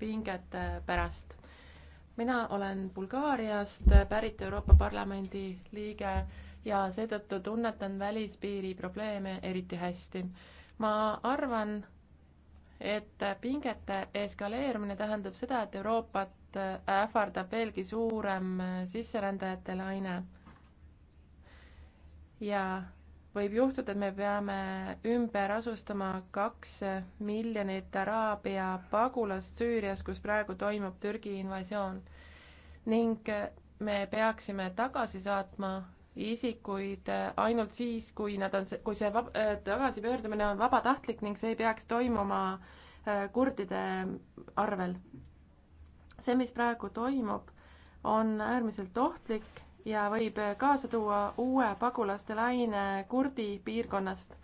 pingete pärast. mina olen Bulgaariast pärit Euroopa Parlamendi liige ja seetõttu tunnetan välispiiri probleeme eriti hästi. ma arvan, et pingete eskaleerumine tähendab seda, et Euroopat ähvardab veelgi suurem sisserändajate laine. ja võib juhtuda, et me peame ümber asustama kaks miljonit Araabia pagulast Süürias, kus praegu toimub Türgi invasioon. ning me peaksime tagasi saatma isikuid ainult siis, kui nad on, kui see vab-, äh, tagasipöördumine on vabatahtlik ning see ei peaks toimuma äh, kurdide arvel. see, mis praegu toimub, on äärmiselt ohtlik ja võib kaasa tuua uue pagulaste laine kurdi piirkonnast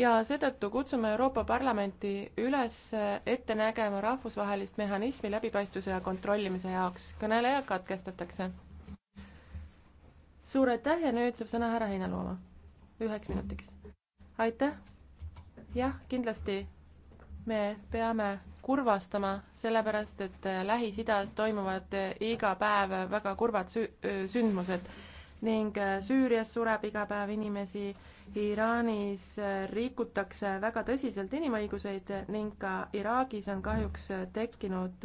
ja seetõttu kutsume Euroopa Parlamenti üles ette nägema rahvusvahelist mehhanismi läbipaistvuse ja kontrollimise jaoks. kõneleja katkestatakse. suur aitäh ja nüüd saab sõna härra Heinaluoma üheks minutiks. aitäh. jah, kindlasti me peame kurvastama, sellepärast et äh, Lähis-Idas toimuvad äh, iga päev äh, väga kurvad sü-, sündmused ning Süürias sureb iga päev inimesi, Iraanis rikutakse väga tõsiselt inimõiguseid ning ka Iraagis on kahjuks tekkinud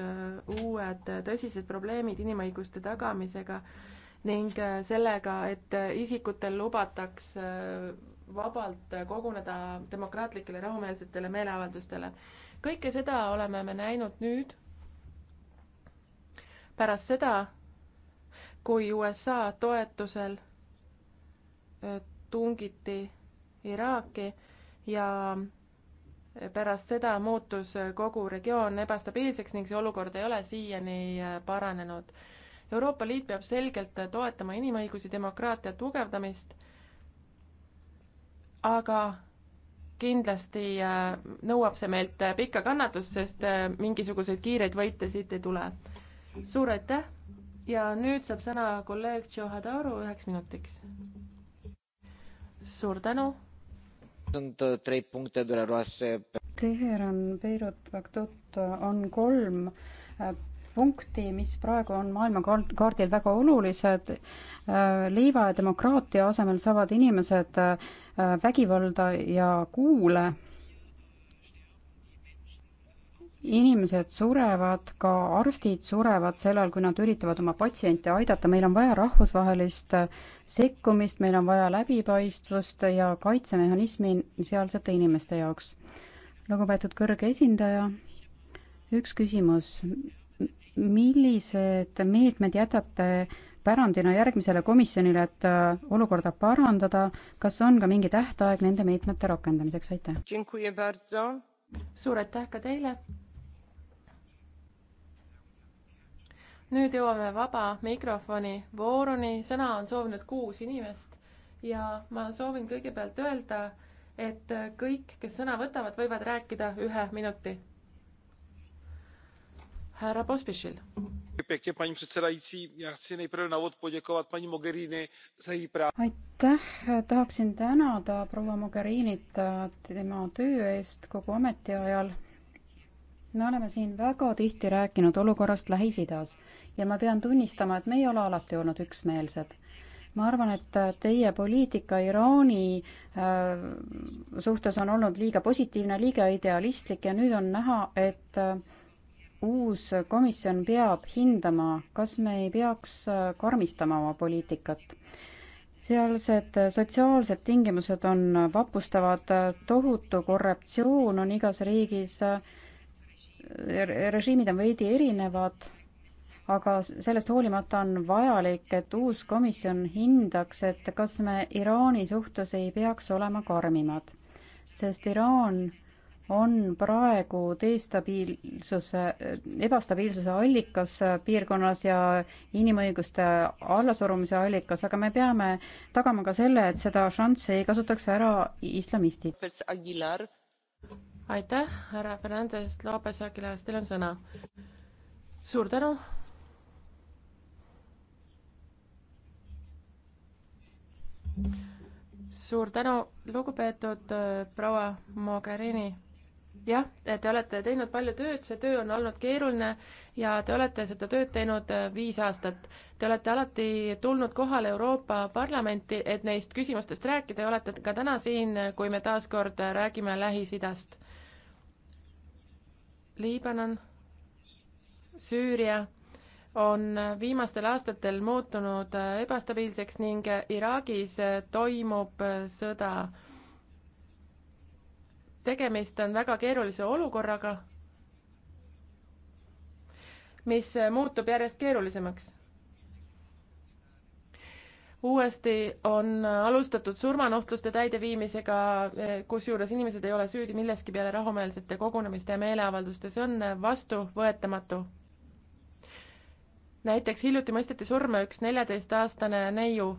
uued tõsised probleemid inimõiguste tagamisega ning sellega, et isikutel lubataks vabalt koguneda demokraatlikele rahumeelsetele meeleavaldustele kõike seda oleme me näinud nüüd pärast seda, kui USA toetusel tungiti Iraaki ja pärast seda muutus kogu regioon ebastabiilseks ning see olukord ei ole siiani paranenud. Euroopa Liit peab selgelt toetama inimõigusi, demokraatia tugevdamist, aga kindlasti äh, nõuab see meilt äh, pikka kannatust, sest äh, mingisuguseid kiireid võite siit ei tule. suur aitäh ja nüüd saab sõna kolleeg Tšohhadaru üheks minutiks. suur tänu. Teheran, Beirut, Bagdad on kolm punkti, mis praegu on maailmakaardil väga olulised. leiva ja demokraatia asemel saavad inimesed äh, Äh, vägivalda ja kuule. inimesed surevad, ka arstid surevad sellel, kui nad üritavad oma patsiente aidata, meil on vaja rahvusvahelist äh, sekkumist, meil on vaja läbipaistvust ja kaitsemehhanismi sealsete inimeste jaoks. lugupeetud kõrge esindaja, üks küsimus, millised meetmed jätate pärandina järgmisele komisjonile, et äh, olukorda parandada. kas on ka mingi tähtaeg nende meetmete rakendamiseks, aitäh! suur aitäh ka teile! nüüd jõuame vaba mikrofoni vooruni, sõna on soovinud kuus inimest ja ma soovin kõigepealt öelda, et kõik, kes sõna võtavad, võivad rääkida ühe minuti härra Pospišil paní předsedající já chci nejprve na úvod poděkovat paní mogheriniové za její práci. aitäh tahaksin tänada proua mogherinit tema töö eest kogu ametiajal. me oleme siin väga tihti rääkinud olukorrast lähis-idas ja ma pean tunnistama et me ei ole alati olnud üksmeelsed ma arvan, et teie poliitika Iraani äh, suhtes on olnud liiga positiivne, liiga idealistlik ja nüüd on näha, et äh, uus komisjon peab hindama, kas me ei peaks äh, karmistama oma poliitikat. sealsed äh, sotsiaalsed tingimused on äh, vapustavad, tohutu korruptsioon on igas riigis, režiimid on veidi erinevad, aga sellest hoolimata on vajalik, et uus komisjon hindaks, et kas me Iraani suhtes ei peaks olema karmimad, sest Iraan on praegu destabiilsuse, ebastabiilsuse allikas piirkonnas ja inimõiguste allasurumise allikas, aga me peame tagama ka selle, et seda šanssi ei kasutaks ära islamistid. aitäh, härra Fernandez Lopez Aguilar, teil on sõna. suur tänu. suur tänu, lugupeetud äh, proua Mogherini jah, te olete teinud palju tööd, see töö on olnud keeruline ja te olete seda tööd teinud äh, viis aastat. Te olete alati tulnud kohale Euroopa Parlamenti, et neist küsimustest rääkida ja olete ka täna siin, äh, kui me taas kord äh, räägime Lähis-Idast. Liibanon, Süüria on viimastel aastatel muutunud ebastabiilseks ning Iraagis toimub sõda tegemist on väga keerulise olukorraga, mis muutub järjest keerulisemaks. uuesti on alustatud surmanuhtluste täideviimisega, kusjuures inimesed ei ole süüdi milleski peale rahumeelsete kogunemiste ja meeleavalduste, see on vastuvõetamatu. näiteks hiljuti mõisteti surma üks neljateistaastane neiu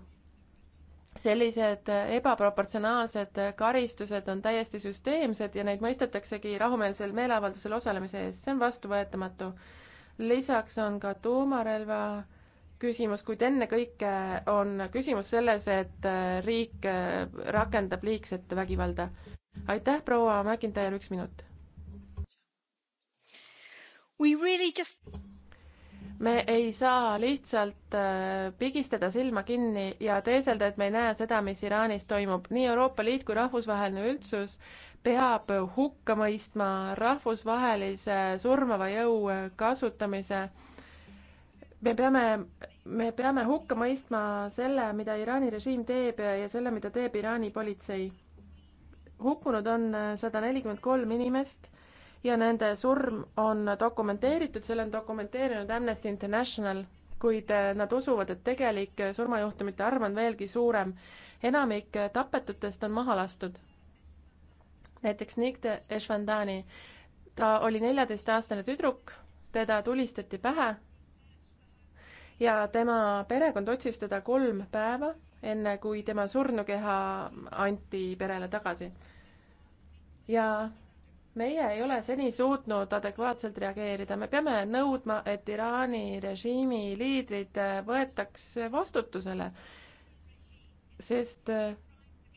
sellised ebaproportsionaalsed karistused on täiesti süsteemsed ja neid mõistetaksegi rahumeelsel meeleavaldusel osalemise eest, see on vastuvõetamatu. lisaks on ka tuumarelva küsimus, kuid ennekõike on küsimus selles, et riik rakendab liigset vägivalda. aitäh, proua Mäkintäiel, üks minut. Really just me ei saa lihtsalt äh, pigistada silma kinni ja teeselda, et me ei näe seda, mis Iraanis toimub. nii Euroopa Liit kui rahvusvaheline üldsus peab hukka mõistma rahvusvahelise surmava jõu äh, kasutamise. me peame, me peame hukka mõistma selle, mida Iraani režiim teeb ja, ja selle, mida teeb Iraani politsei. hukkunud on äh, sada nelikümmend kolm inimest ja nende surm on dokumenteeritud, selle on dokumenteerinud Amnesty International, kuid äh, nad usuvad, et tegelik surmajuhtumite arv on veelgi suurem. enamik tapetutest on maha lastud. näiteks Nikde Eshvandani, ta oli neljateistaastane tüdruk, teda tulistati pähe ja tema perekond otsis teda kolm päeva, enne kui tema surnukeha anti perele tagasi. ja meie ei ole seni suutnud adekvaatselt reageerida, me peame nõudma, et Iraani režiimi liidrid võetaks vastutusele, sest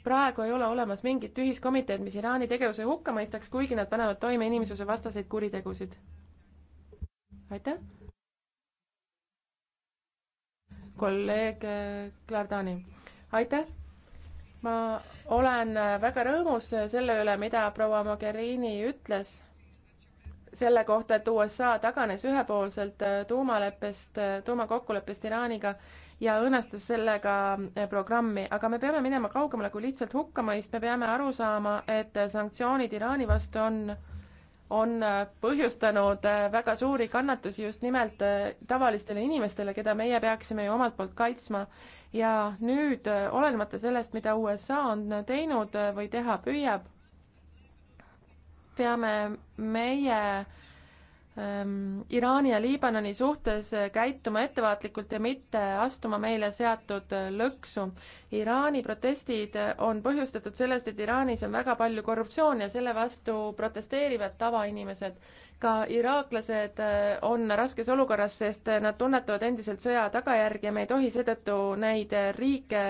praegu ei ole olemas mingit ühiskomiteed, mis Iraani tegevuse hukka mõistaks, kuigi nad panevad toime inimsusevastaseid kuritegusid. aitäh. kolleeg Klardani, aitäh ma olen väga rõõmus selle üle, mida proua Mogherini ütles selle kohta, et USA taganes ühepoolselt tuumaleppest, tuumakokkuleppest Iraaniga ja õõnestas sellega programmi, aga me peame minema kaugemale kui lihtsalt hukkamõist, me peame aru saama, et sanktsioonid Iraani vastu on on äh, põhjustanud äh, väga suuri kannatusi just nimelt äh, tavalistele inimestele, keda meie peaksime ju omalt poolt kaitsma. ja nüüd, olenemata sellest, mida USA on teinud või teha püüab, peame meie Ehm, Iraani ja Liibanoni suhtes eh, käituma ettevaatlikult ja mitte astuma meile seatud eh, lõksu. Iraani protestid eh, on põhjustatud sellest, et Iraanis on väga palju korruptsiooni ja selle vastu protesteerivad tavainimesed. ka iraaklased on raskes olukorras, sest nad tunnetavad endiselt sõja tagajärgi ja me ei tohi seetõttu neid riike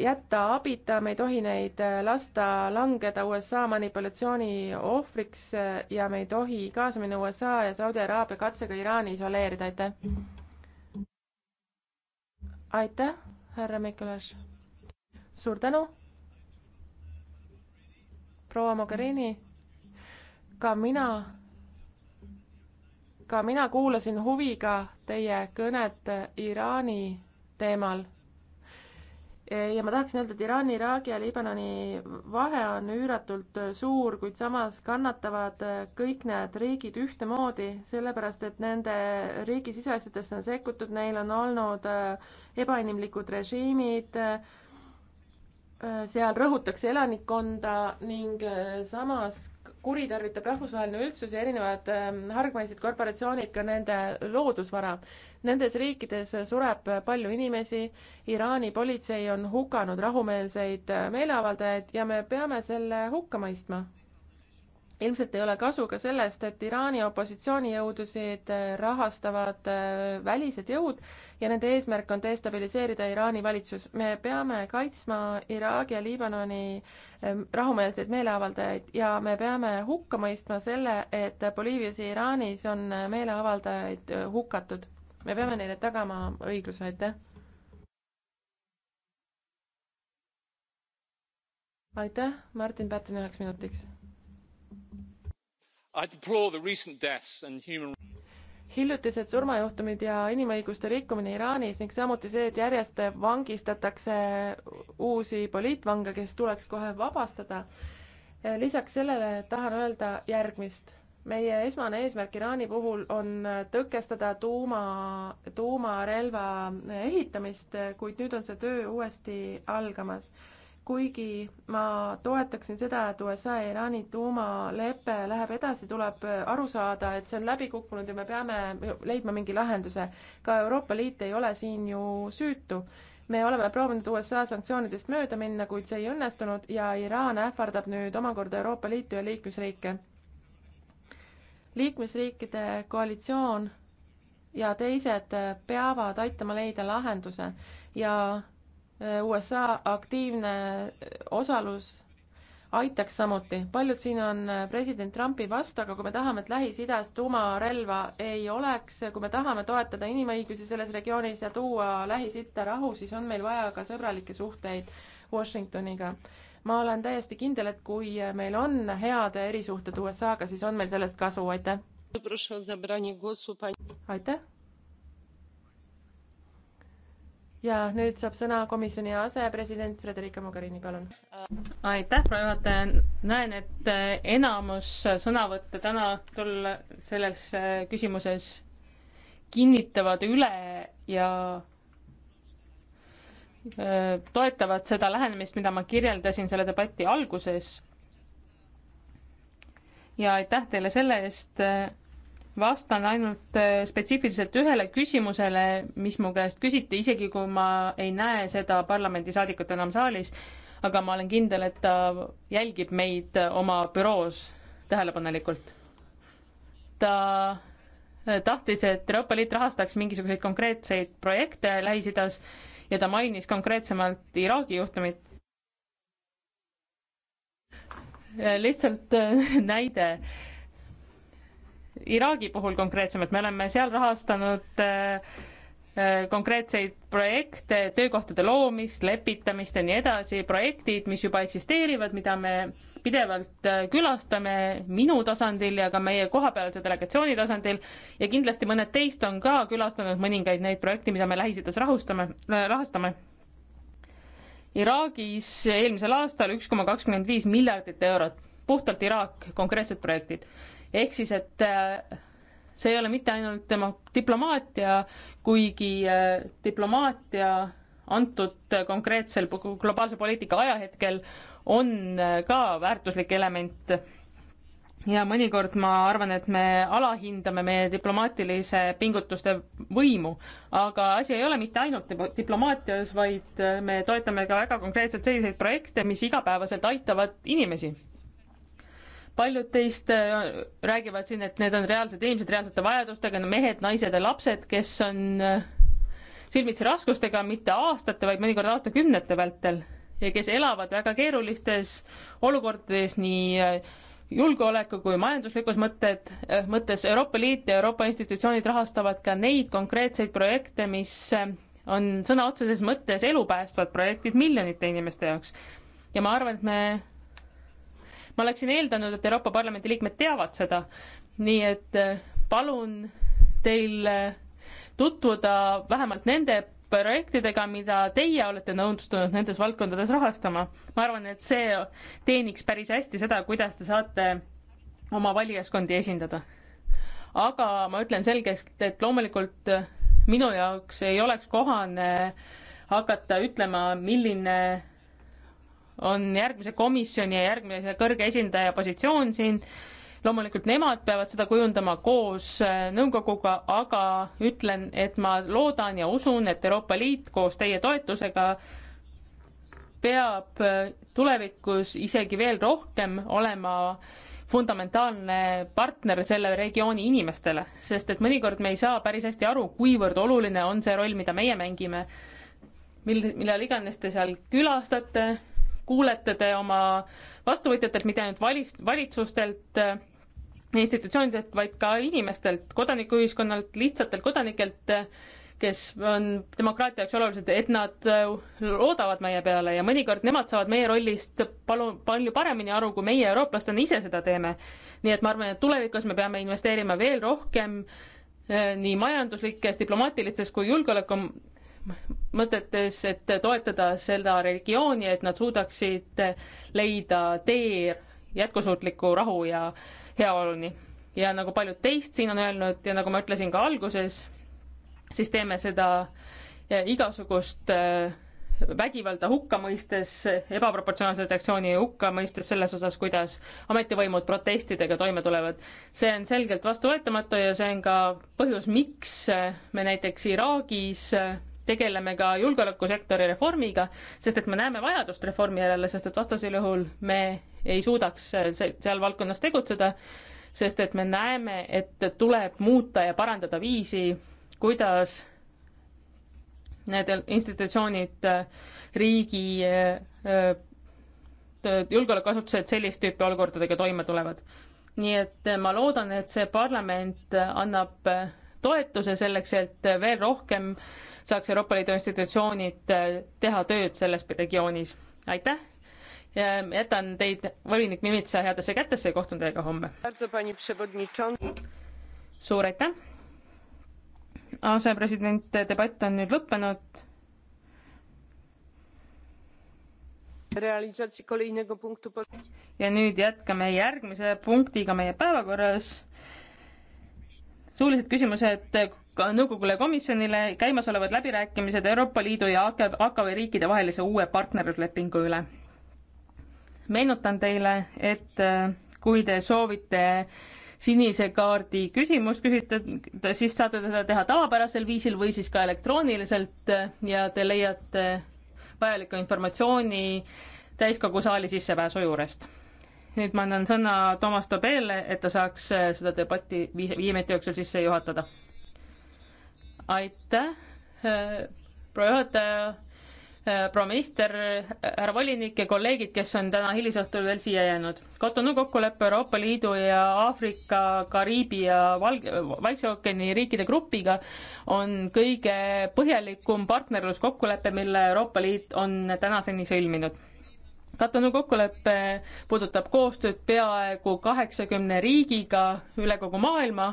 jätta abita, me ei tohi neid äh, lasta langeda USA manipulatsiooni ohvriks äh, ja me ei tohi kaasa minna USA ja Saudi Araabia katsega Iraani isoleerida, aitäh. aitäh, härra Mikulaš. suur tänu. proua Mogherini, ka mina ka mina kuulasin huviga teie kõnet Iraani teemal ja ma tahaksin öelda, et Iraani, Iraagi ja Liibanoni vahe on üüratult suur, kuid samas kannatavad kõik need riigid ühtemoodi, sellepärast et nende riigi siseasjadesse on sekkutud, neil on olnud äh, ebainimlikud režiimid, äh, seal rõhutakse elanikkonda ning äh, samas kuritarvitab rahvusvaheline üldsus ja erinevad ähm, hargmaised korporatsioonid ka nende loodusvara. Nendes riikides sureb palju inimesi, Iraani politsei on hukanud rahumeelseid äh, meeleavaldajaid ja me peame selle hukka mõistma ilmselt ei ole kasu ka sellest, et Iraani opositsioonijõudusid äh, rahastavad äh, välised jõud ja nende eesmärk on destabiliseerida Iraani valitsus. me peame kaitsma Iraagi ja Liibanoni ähm, rahumeelseid meeleavaldajaid ja me peame hukka mõistma selle, et Boliivias ja Iraanis on äh, meeleavaldajaid hukatud. me peame neile tagama õigluse, aitäh! aitäh, Martin Pätsen üheks minutiks hiljutised surmajuhtumid ja inimõiguste rikkumine Iraanis ning samuti see, et järjest vangistatakse uusi poliitvange, kes tuleks kohe vabastada. lisaks sellele tahan öelda järgmist. meie esmane eesmärk Iraani puhul on tõkestada tuuma, tuumarelva ehitamist, kuid nüüd on see töö uuesti algamas kuigi ma toetaksin seda, et USA ja Iraani tuumalepe läheb edasi, tuleb äh, aru saada, et see on läbi kukkunud ja me peame leidma mingi lahenduse. ka Euroopa Liit ei ole siin ju süütu me oleme proovinud USA sanktsioonidest mööda minna, kuid see ei õnnestunud ja Iraan ähvardab nüüd omakorda Euroopa Liitu ja liikmesriike. liikmesriikide koalitsioon ja teised äh, peavad aitama leida lahenduse ja USA aktiivne osalus aitaks samuti. paljud siin on äh, president Trumpi vastu, aga kui me tahame, et Lähis-Idas tuumarelva ei oleks, kui me tahame toetada inimõigusi selles regioonis ja tuua Lähis-Itta rahu, siis on meil vaja ka sõbralikke suhteid Washingtoniga. ma olen täiesti kindel, et kui meil on head erisuhted USA-ga, siis on meil sellest kasu, aitäh! aitäh! ja nüüd saab sõna komisjoni asepresident Frederica Mogherini, palun. aitäh, proua juhataja. näen, et äh, enamus sõnavõtte täna küll selles äh, küsimuses kinnitavad üle ja äh, toetavad seda lähenemist, mida ma kirjeldasin selle debati alguses. ja aitäh teile selle eest vastan ainult äh, spetsiifiliselt ühele küsimusele, mis mu käest küsiti, isegi kui ma ei näe seda parlamendisaadikut enam saalis, aga ma olen kindel, et ta jälgib meid äh, oma büroos tähelepanelikult. ta äh, tahtis, et Euroopa Liit rahastaks mingisuguseid konkreetseid projekte Lähis-Idas ja ta mainis konkreetsemalt Iraagi juhtumit. lihtsalt näide Iraagi puhul konkreetsemalt, me oleme seal rahastanud äh, äh, konkreetseid projekte, töökohtade loomist, lepitamist ja nii edasi, projektid, mis juba eksisteerivad, mida me pidevalt äh, külastame minu tasandil ja ka meie kohapealse delegatsiooni tasandil ja kindlasti mõned teist on ka külastanud mõningaid neid projekte, mida me Lähis-Idas rahustame, rahastame. Iraagis eelmisel aastal üks koma kakskümmend viis miljardit eurot puhtalt Iraak, konkreetsed projektid ehk siis, et äh, see ei ole mitte ainult tema diplomaatia, kuigi äh, diplomaatia antud konkreetsel globaalse poliitika ajahetkel on äh, ka väärtuslik element. ja mõnikord ma arvan, et me alahindame meie diplomaatilise pingutuste võimu, aga asi ei ole mitte ainult diplomaatias, vaid me toetame ka väga konkreetselt selliseid projekte, mis igapäevaselt aitavad inimesi paljud teist äh, räägivad siin, et need on reaalsed inimesed reaalsete vajadustega, mehed, naised ja lapsed, kes on äh, silmitsi raskustega mitte aastate, vaid mõnikord aastakümnete vältel ja kes elavad väga keerulistes olukordades nii äh, julgeoleku kui majanduslikus mõtted, mõttes Euroopa Liit ja Euroopa institutsioonid rahastavad ka neid konkreetseid projekte, mis on sõna otseses mõttes elupäästvad projektid miljonite inimeste jaoks. ja ma arvan, et me ma oleksin eeldanud, et Euroopa Parlamendi liikmed teavad seda. nii et eh, palun teil eh, tutvuda vähemalt nende projektidega, mida teie olete nõustunud nendes valdkondades rahastama. ma arvan, et see teeniks päris hästi seda, kuidas te saate oma valijaskondi esindada. aga ma ütlen selgelt, et loomulikult eh, minu jaoks ei oleks kohane hakata ütlema, milline on järgmise komisjoni ja järgmise kõrge esindaja positsioon siin. loomulikult nemad peavad seda kujundama koos äh, nõukoguga, aga ütlen, et ma loodan ja usun, et Euroopa Liit koos teie toetusega peab äh, tulevikus isegi veel rohkem olema fundamentaalne partner selle regiooni inimestele, sest et mõnikord me ei saa päris hästi aru, kuivõrd oluline on see roll, mida meie mängime, mil, millal iganes te seal külastate, kuulete te oma vastuvõtjatelt, mitte ainult valis-, valitsustelt, äh, institutsioonidelt, vaid ka inimestelt, kodanikuühiskonnalt, lihtsatelt kodanikelt, kes on demokraatia jaoks olulised, et nad äh, loodavad meie peale ja mõnikord nemad saavad meie rollist palu-, palju paremini aru, kui meie, eurooplastena ise seda teeme. nii et ma arvan, et tulevikus me peame investeerima veel rohkem äh, nii majanduslikes, diplomaatilistes kui julgeoleku mõtetes, et toetada seda regiooni, et nad suudaksid leida tee jätkusuutliku rahu ja heaoluni. ja nagu paljud teist siin on öelnud ja nagu ma ütlesin ka alguses, siis teeme seda igasugust äh, vägivalda hukka mõistes, ebaproportsionaalse reaktsiooni hukka mõistes selles osas, kuidas ametivõimud protestidega toime tulevad. see on selgelt vastuvõetamatu ja see on ka põhjus, miks me näiteks Iraagis äh, tegeleme ka julgeolekusektori reformiga, sest et me näeme vajadust reformi järele, sest et vastasel juhul me ei suudaks seal valdkonnas tegutseda, sest et me näeme, et tuleb muuta ja parandada viisi, kuidas need institutsioonid, riigi julgeolekuasutused sellist tüüpi olukordadega toime tulevad. nii et ma loodan, et see parlament annab toetuse selleks, et veel rohkem äh, saaks Euroopa Liidu institutsioonid äh, teha tööd selles regioonis. aitäh ja jätan teid, volinik Mimitsa, headesse kätesse ja kohtun teiega homme. suur aitäh. asepresident, debatt on nüüd lõppenud. ja nüüd jätkame järgmise punktiga meie päevakorras. suulised küsimused ka nõukogule ja komisjonile käimasolevad läbirääkimised Euroopa Liidu ja AKV riikide vahelise uue partnerluslepingu üle. meenutan teile, et äh, kui te soovite sinise kaardi küsimust küsitleda, siis saate seda teha tavapärasel viisil või siis ka elektrooniliselt äh, ja te leiate vajaliku informatsiooni täiskogu saali sissepääsu juurest nüüd ma annan sõna Toomas Tobele, et ta saaks äh, seda debatti viis, viie minuti jooksul sisse juhatada aitäh, proua juhataja, proua minister, härra volinik ja kolleegid, kes on täna hilisõhtul veel siia jäänud. Cotonou kokkulepe Euroopa Liidu ja Aafrika, Kariibi ja Valge, Vaikse ookeani riikide grupiga on kõige põhjalikum partnerluskokkulepe, mille Euroopa Liit on tänaseni sõlminud Katanu kokkulepe puudutab koostööd peaaegu kaheksakümne riigiga üle kogu maailma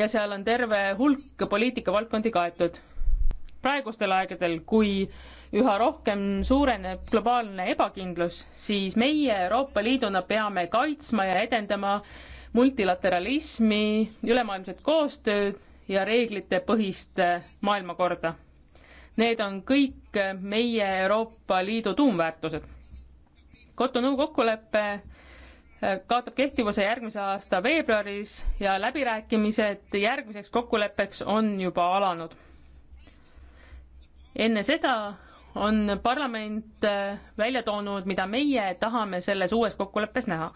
ja seal on terve hulk poliitikavaldkondi kaetud. praegustel aegadel, kui üha rohkem suureneb globaalne ebakindlus, siis meie Euroopa Liiduna peame kaitsma ja edendama multilateralismi, ülemaailmset koostööd ja reeglitepõhist maailmakorda. Need on kõik meie Euroopa Liidu tuumväärtused Cotonou kokkulepe äh, kaotab kehtivuse järgmise aasta veebruaris ja läbirääkimised järgmiseks kokkuleppeks on juba alanud. enne seda on parlament äh, välja toonud, mida meie tahame selles uues kokkuleppes näha.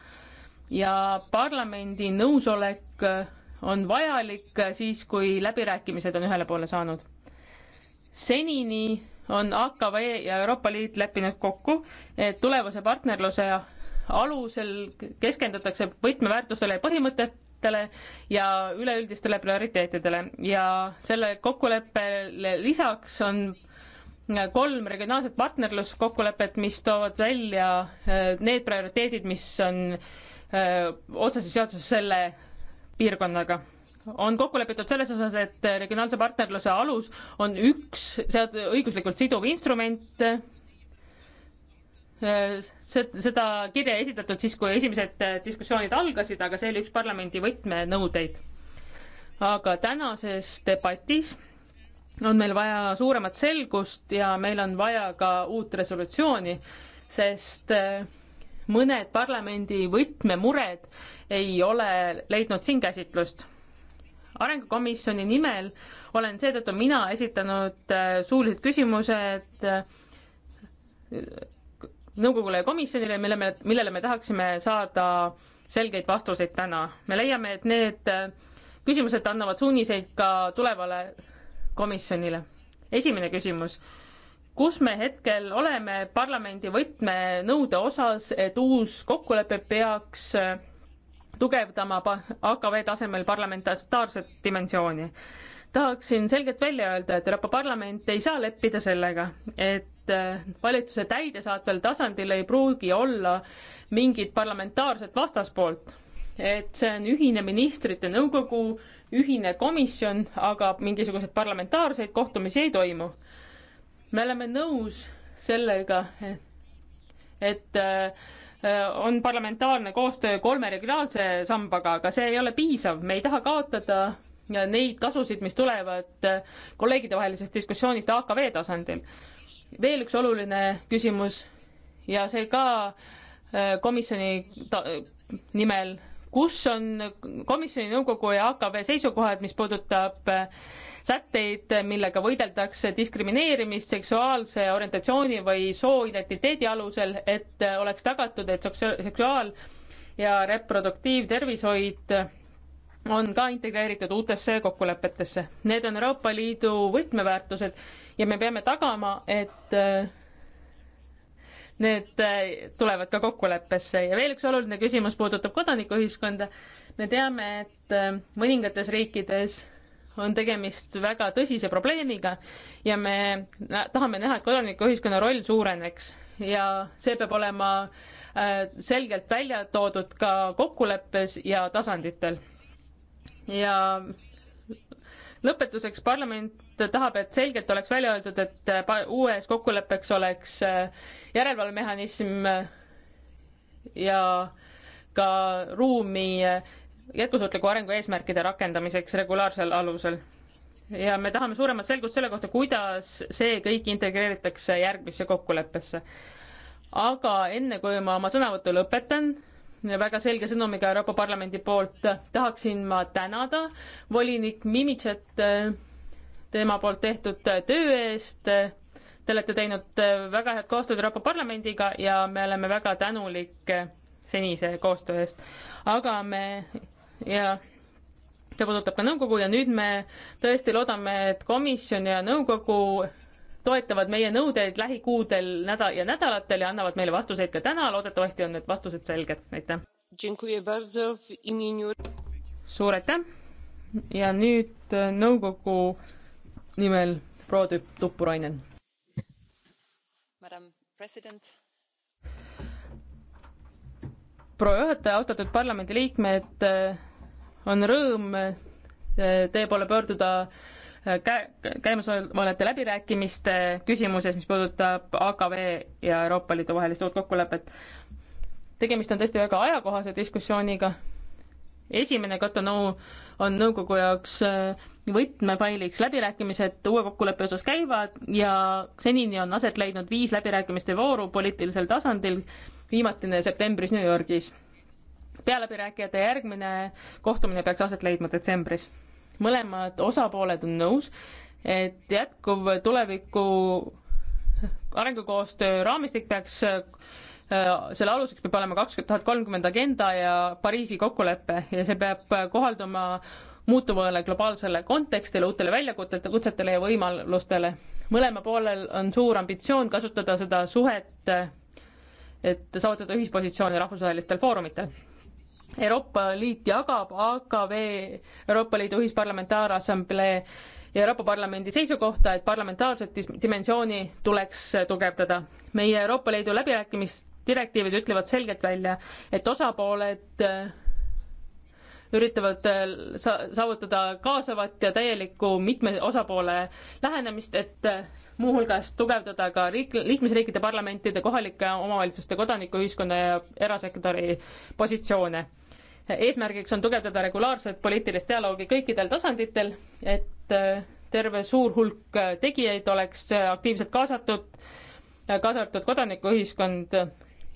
ja parlamendi nõusolek äh, on vajalik siis, kui läbirääkimised on ühele poole saanud. senini on AKV ja Euroopa Liit leppinud kokku, et tulevase partnerluse alusel keskendutakse võtmeväärtusele ja põhimõtetele ja üleüldistele prioriteetidele ja selle kokkuleppele lisaks on kolm regionaalset partnerluskokkulepet, mis toovad välja äh, need prioriteedid, mis on äh, otseses seotuses selle piirkonnaga on kokku lepitud selles osas, et regionaalse partnerluse alus on üks sead-, õiguslikult siduv instrument, seda kirja ei esitatud siis, kui esimesed diskussioonid algasid, aga see oli üks parlamendi võtmenõudeid. aga tänases debatis on meil vaja suuremat selgust ja meil on vaja ka uut resolutsiooni, sest eh, mõned parlamendi võtmemured ei ole leidnud siin käsitlust arengukomisjoni nimel olen seetõttu mina esitanud äh, suulised küsimused äh, nõukogule ja komisjonile, mille me, millele me tahaksime saada selgeid vastuseid täna. me leiame, et need äh, küsimused annavad suuniseid ka tulevale komisjonile. esimene küsimus kus me hetkel oleme parlamendi võtmenõude osas, et uus kokkulepe peaks tugevdama AKV tasemel parlamentaarset dimensiooni. tahaksin selgelt välja öelda, et Euroopa Parlament ei saa leppida sellega, et äh, valitsuse täidesaatval tasandil ei pruugi olla mingit parlamentaarset vastaspoolt. et see on ühine ministrite nõukogu, ühine komisjon, aga mingisuguseid parlamentaarseid kohtumisi ei toimu. me oleme nõus sellega, et, et äh, Äh, on parlamentaarne koostöö kolme regionaalse sambaga, aga see ei ole piisav, me ei taha kaotada neid kasusid, mis tulevad äh, kolleegidevahelisest diskussioonist AKV tasandil. veel üks oluline küsimus ja see ka äh, komisjoni nimel kus on komisjoni, nõukogu ja AKV seisukohad, mis puudutab äh, sätteid, millega võideldakse diskrimineerimist seksuaalse orientatsiooni või sooidentiteedi alusel, et äh, oleks tagatud, et seksuaal- ja reproduktiivtervishoid on ka integreeritud uutesse kokkulepetesse. Need on Euroopa Liidu võtmeväärtused ja me peame tagama, et äh, need äh, tulevad ka kokkuleppesse ja veel üks oluline küsimus puudutab kodanikuühiskonda. me teame, et äh, mõningates riikides on tegemist väga tõsise probleemiga ja me tahame näha, et kodanikuühiskonna roll suureneks ja see peab olema äh, selgelt välja toodud ka kokkuleppes ja tasanditel. ja lõpetuseks parlament tahab, et selgelt oleks välja öeldud, et äh, uues kokkuleppeks oleks äh, järelevalvemehhanism äh, ja ka ruumi jätkusuutliku arengu eesmärkide rakendamiseks regulaarsel alusel. ja me tahame suuremat selgust selle kohta, kuidas see kõik integreeritakse järgmisse kokkuleppesse. aga enne, kui ma oma sõnavõtu lõpetan, väga selge sõnumiga Euroopa Parlamendi poolt, tahaksin ma tänada volinik Mimitšet tema poolt tehtud töö eest. Te olete teinud väga head koostööd Euroopa Parlamendiga ja me oleme väga tänulik senise koostöö eest. aga me ja see puudutab ka nõukogu ja nüüd me tõesti loodame, et komisjon ja nõukogu toetavad meie nõudeid lähikuudel, nädal ja nädalatel ja annavad meile vastuseid ka täna, loodetavasti on need vastused selged, aitäh. suur aitäh ja nüüd nõukogu nimel proua Tuppurainen. proua juhataja, austatud parlamendiliikmed, äh, on rõõm äh, teie poole pöörduda äh, kä-, käimasolevate läbirääkimiste küsimuses, mis puudutab AKV ja Euroopa Liidu vahelist uut kokkulepet. tegemist on tõesti väga ajakohase diskussiooniga. esimene Cotonou no on nõukogu jaoks äh, võtmefailiks läbirääkimised uue kokkuleppe osas käivad ja senini on aset leidnud viis läbirääkimiste vooru poliitilisel tasandil, viimatine septembris New Yorgis. pealäbirääkijate järgmine kohtumine peaks aset leidma detsembris. mõlemad osapooled on nõus, et jätkuv tuleviku arengukoostöö raamistik peaks Äh, selle aluseks peab olema kakskümmend tuhat kolmkümmend agenda ja Pariisi kokkulepe ja see peab äh, kohalduma muutuvale globaalsele kontekstile, uutele väljakutsetele ja võimalustele. mõlema poolel on suur ambitsioon kasutada seda suhet, et saavutada ühispositsioone rahvusvahelistel foorumitel. Euroopa Liit jagab AKV Euroopa Liidu Ühisparlamentaarassamblee ja Euroopa Parlamendi seisukohta, et parlamentaarset dimensiooni tuleks tugevdada. meie Euroopa Liidu läbirääkimist direktiivid ütlevad selgelt välja, et osapooled äh, üritavad äh, saavutada kaasavat ja täielikku mitme osapoole lähenemist, et äh, muuhulgas tugevdada ka riik, liikmesriikide parlamentide, kohalike omavalitsuste, kodanikuühiskonna ja erasektori positsioone. eesmärgiks on tugevdada regulaarset poliitilist dialoogi kõikidel tasanditel, et terve suur hulk tegijaid oleks aktiivselt kaasatud, kaasa arvatud kodanikuühiskond,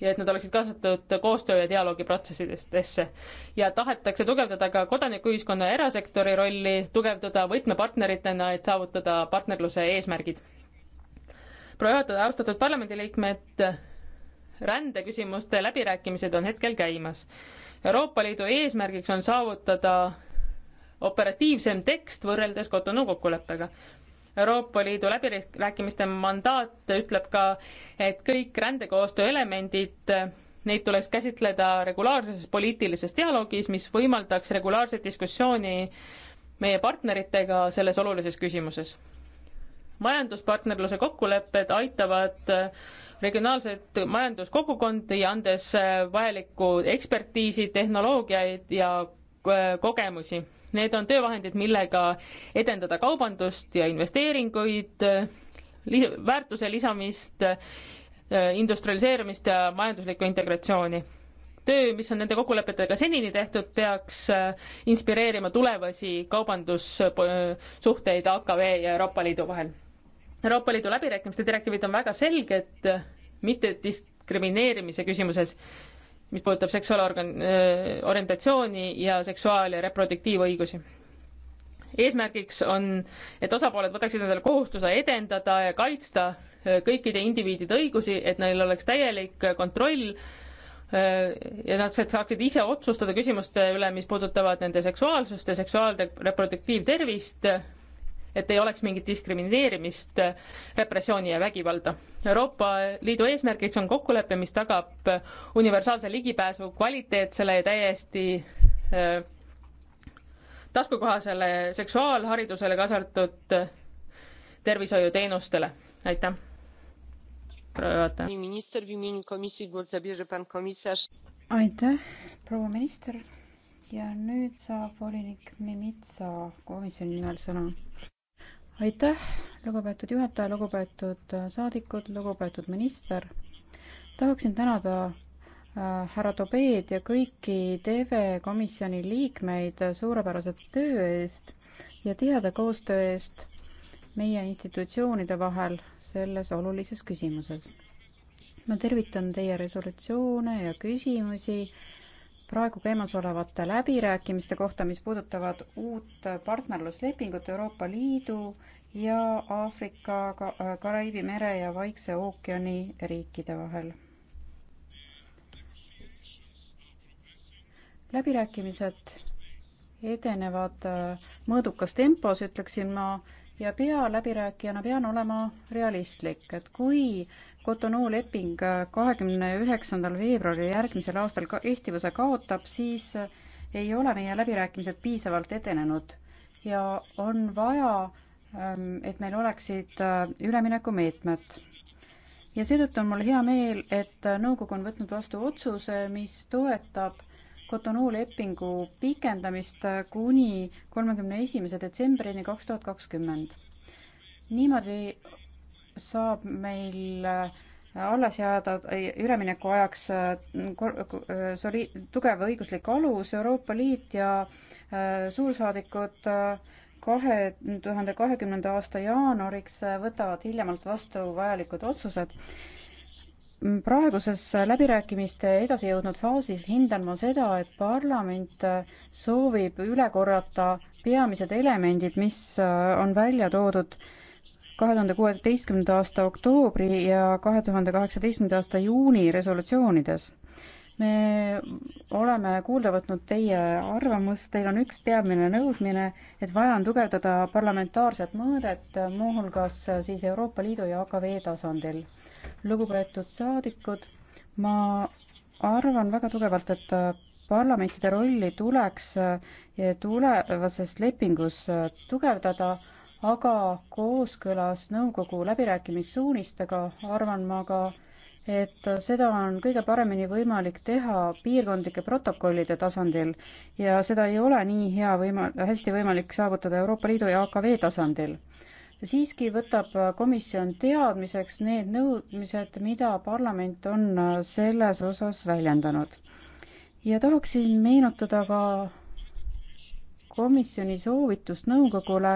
ja et nad oleksid kaasatud koostöö ja dialoogi protsessidesse. ja tahetakse tugevdada ka kodanikuühiskonna ja erasektori rolli, tugevdada võtmepartneritena, et saavutada partnerluse eesmärgid. proua juhataja, austatud parlamendiliikmed, rändeküsimuste läbirääkimised on hetkel käimas. Euroopa Liidu eesmärgiks on saavutada operatiivsem tekst võrreldes Cotonou kokkuleppega. Euroopa Liidu läbirääkimiste mandaat ütleb ka, et kõik rändekoostöö elemendid, neid tuleks käsitleda regulaarses poliitilises dialoogis, mis võimaldaks regulaarset diskussiooni meie partneritega selles olulises küsimuses. majanduspartnerluse kokkulepped aitavad regionaalset majanduskogukondi, andes vajalikku ekspertiisi, tehnoloogiaid ja kogemusi Need on töövahendid, millega edendada kaubandust ja investeeringuid, väärtuse lisamist, äh, industrialiseerimist ja majanduslikku integratsiooni. töö, mis on nende kokkulepetega senini tehtud, peaks äh, inspireerima tulevasi kaubandussuhteid AKV ja Euroopa Liidu vahel. Euroopa Liidu läbirääkimiste direktiivid on väga selged, mitte diskrimineerimise küsimuses mis puudutab seksuaalorgan-, orientatsiooni ja seksuaal- ja reproduktiivõigusi. eesmärgiks on, et osapooled võtaksid endale kohustuse edendada ja kaitsta kõikide indiviidide õigusi, et neil oleks täielik kontroll ja nad saaksid ise otsustada küsimuste üle, mis puudutavad nende seksuaalsust ja seksuaal- ja reproduktiivtervist et ei oleks mingit diskrimineerimist, repressiooni ja vägivalda. Euroopa Liidu eesmärgiks on kokkulepe, mis tagab universaalse ligipääsu kvaliteetsele ja täiesti äh, taskukohasele seksuaalharidusele, kaasa arvatud äh, tervishoiuteenustele. aitäh. aitäh, proua minister ja nüüd saab volinik Mimitsa komisjoni nimel sõna aitäh, lugupeetud juhataja, lugupeetud äh, saadikud, lugupeetud minister. tahaksin tänada äh, härra Tobeed ja kõiki TV komisjoni liikmeid äh, suurepärase töö eest ja tiheda koostöö eest meie institutsioonide vahel selles olulises küsimuses. ma tervitan teie resolutsioone ja küsimusi praegu käimasolevate läbirääkimiste kohta, mis puudutavad uut partnerluslepingut Euroopa Liidu ja Aafrika, Kariibi mere ja Vaikse ookeani riikide vahel. läbirääkimised edenevad äh, mõõdukas tempos, ütleksin ma, ja pealäbirääkijana pean olema realistlik, et kui äh, Cotonou leping kahekümne üheksandal veebruaril järgmisel aastal kehtivuse kaotab, siis ei ole meie läbirääkimised piisavalt edenenud ja on vaja, ähm, et meil oleksid äh, üleminekumeetmed. ja seetõttu on mul hea meel, et nõukogu on võtnud vastu otsuse, mis toetab Cotonou lepingu pikendamist äh, kuni kolmekümne esimese detsembrini kaks tuhat kakskümmend. niimoodi saab meil äh, alles jääda äh, ülemineku ajaks äh, soli-, tugev õiguslik alus, Euroopa Liit ja suursaadikud kahe tuhande kahekümnenda aasta jaanuariks võtavad hiljemalt vastu vajalikud otsused. praeguses läbirääkimiste edasi jõudnud faasis hindan ma seda, et parlament soovib üle korrata peamised elemendid, mis on välja toodud äh, kahe tuhande kuueteistkümnenda aasta oktoobri ja kahe tuhande kaheksateistkümnenda aasta juuni resolutsioonides. me oleme kuulda võtnud teie arvamust, teil on üks peamine nõudmine, et vaja on tugevdada parlamentaarset mõõdet, muuhulgas siis Euroopa Liidu ja AKV tasandil. lugupeetud saadikud, ma arvan väga tugevalt, et parlamentide rolli tuleks eh, tulevases lepingus tugevdada aga kooskõlas nõukogu läbirääkimissuunistega arvan ma ka, et seda on kõige paremini võimalik teha piirkondlike protokollide tasandil ja seda ei ole nii hea võima-, hästi võimalik saavutada Euroopa Liidu ja AKV tasandil. siiski võtab komisjon teadmiseks need nõudmised, mida parlament on selles osas väljendanud. ja tahaksin meenutada ka komisjoni soovitust nõukogule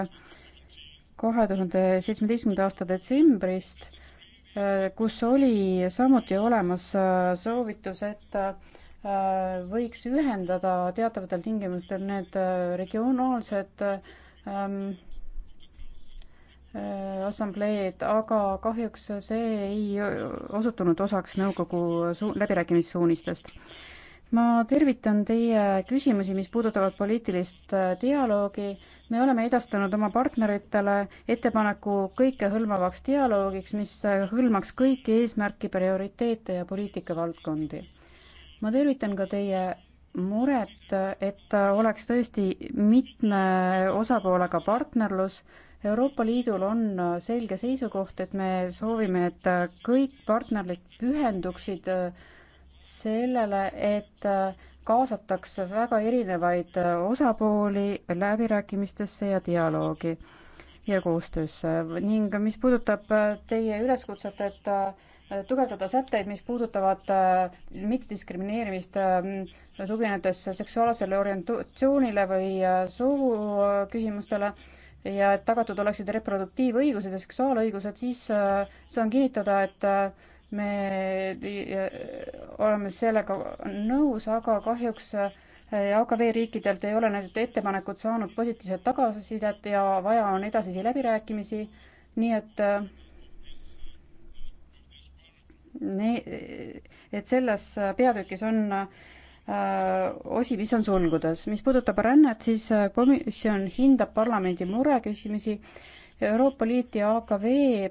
kahe tuhande seitsmeteistkümnenda aasta detsembrist, äh, kus oli samuti olemas äh, soovitus, et äh, võiks ühendada teatavatel tingimustel need regionaalsed ähm, assambleed, aga kahjuks see ei osutunud osaks nõukogu suu-, läbirääkimissuunistest. ma tervitan teie küsimusi, mis puudutavad poliitilist dialoogi äh, me oleme edastanud oma partneritele ettepaneku kõikehõlmavaks dialoogiks, mis hõlmaks kõiki eesmärki, prioriteete ja poliitikavaldkondi. ma tervitan ka teie muret, et oleks tõesti mitme osapoolega partnerlus. Euroopa Liidul on selge seisukoht, et me soovime, et kõik partnerid pühenduksid sellele, et kaasatakse väga erinevaid äh, osapooli läbirääkimistesse ja dialoogi ja koostöösse ning mis puudutab äh, teie üleskutset, et äh, tugevdada sätteid, mis puudutavad mittediskrimineerimist, tuginedes seksuaalsele orientatsioonile või sooküsimustele ja et tagatud oleksid reproduktiivõigused ja seksuaalõigused, siis saan kinnitada, et me äh, oleme sellega nõus, aga kahjuks äh, AKV riikidelt ei ole need ettepanekud saanud positiivset tagasisidet ja vaja on edasisi läbirääkimisi, nii et äh, ne-, et selles peatükis on osi, mis on sulgudes. mis puudutab rännet, siis komisjon hindab parlamendi mureküsimusi. Euroopa Liit ja AKV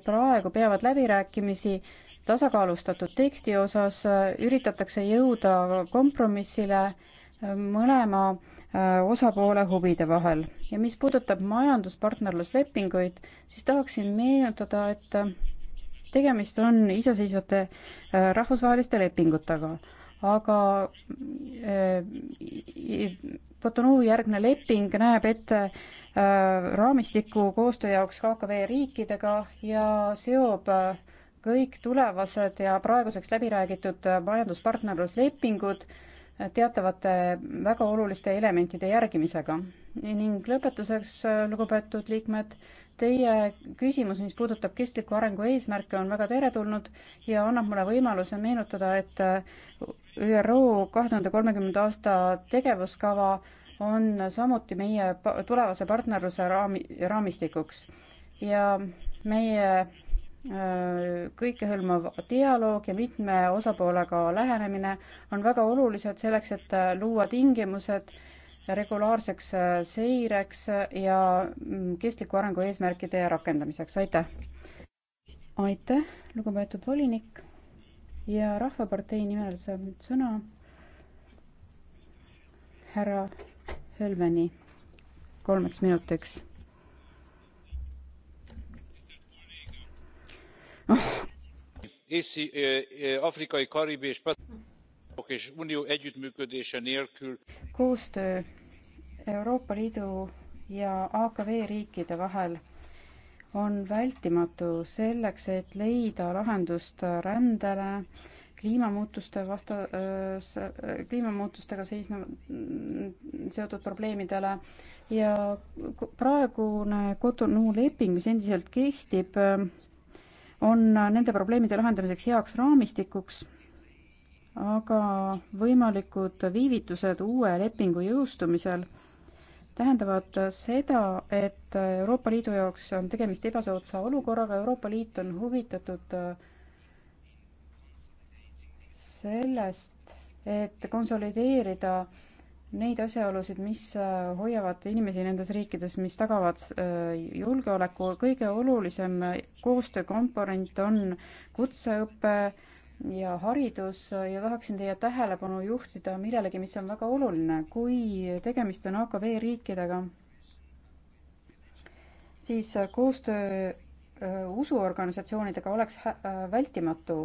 praegu peavad läbirääkimisi tasakaalustatud teksti osas äh, üritatakse jõuda kompromissile äh, mõlema äh, osapoole huvide vahel. ja mis puudutab majanduspartnerluslepinguid, siis tahaksin meenutada, et tegemist on iseseisvate rahvusvaheliste lepingutega, aga Cotonou järgne leping näeb ette raamistiku koostöö jaoks KKV riikidega ja seob kõik tulevased ja praeguseks läbi räägitud majanduspartnerluslepingud teatavate väga oluliste elementide järgimisega. ning lõpetuseks, lugupeetud liikmed, teie küsimus, mis puudutab kestliku arengu eesmärke, on väga teretulnud ja annab mulle võimaluse meenutada, et ÜRO kahe tuhande kolmekümnenda aasta tegevuskava on samuti meie tulevase partnerluse raami, raamistikuks ja meie kõikehõlmav dialoog ja mitme osapoolega lähenemine on väga olulised selleks, et luua tingimused regulaarseks seireks ja kestliku arengu eesmärkide rakendamiseks, aitäh! aitäh, lugupeetud volinik ja Rahvapartei nimel saab nüüd sõna härra Helveni kolmeks minutiks észak afrikai karibi és pacifikumok és unió együttműködése nélkül. koostöö euroopa liidu ja akv riikide vahel on vältimatu selleks, et leida lahendust rändele, kliimamuutuste vasta- äh,, kliimamuutustega seisnev, seotud probleemidele ja praegune Cotonou leping, mis endiselt kehtib äh,, on nende probleemide lahendamiseks heaks raamistikuks, aga võimalikud viivitused uue lepingu jõustumisel tähendavad seda, et Euroopa Liidu jaoks on tegemist ebasoodsa olukorraga, Euroopa Liit on huvitatud sellest, et konsolideerida neid asjaolusid, mis äh, hoiavad inimesi nendes riikides, mis tagavad äh, julgeoleku, kõige olulisem koostöökomponent on kutseõpe ja haridus ja tahaksin teie tähelepanu juhtida millelegi, mis on väga oluline. kui tegemist on AKV riikidega, siis äh, koostöö usuorganisatsioonidega oleks vältimatu,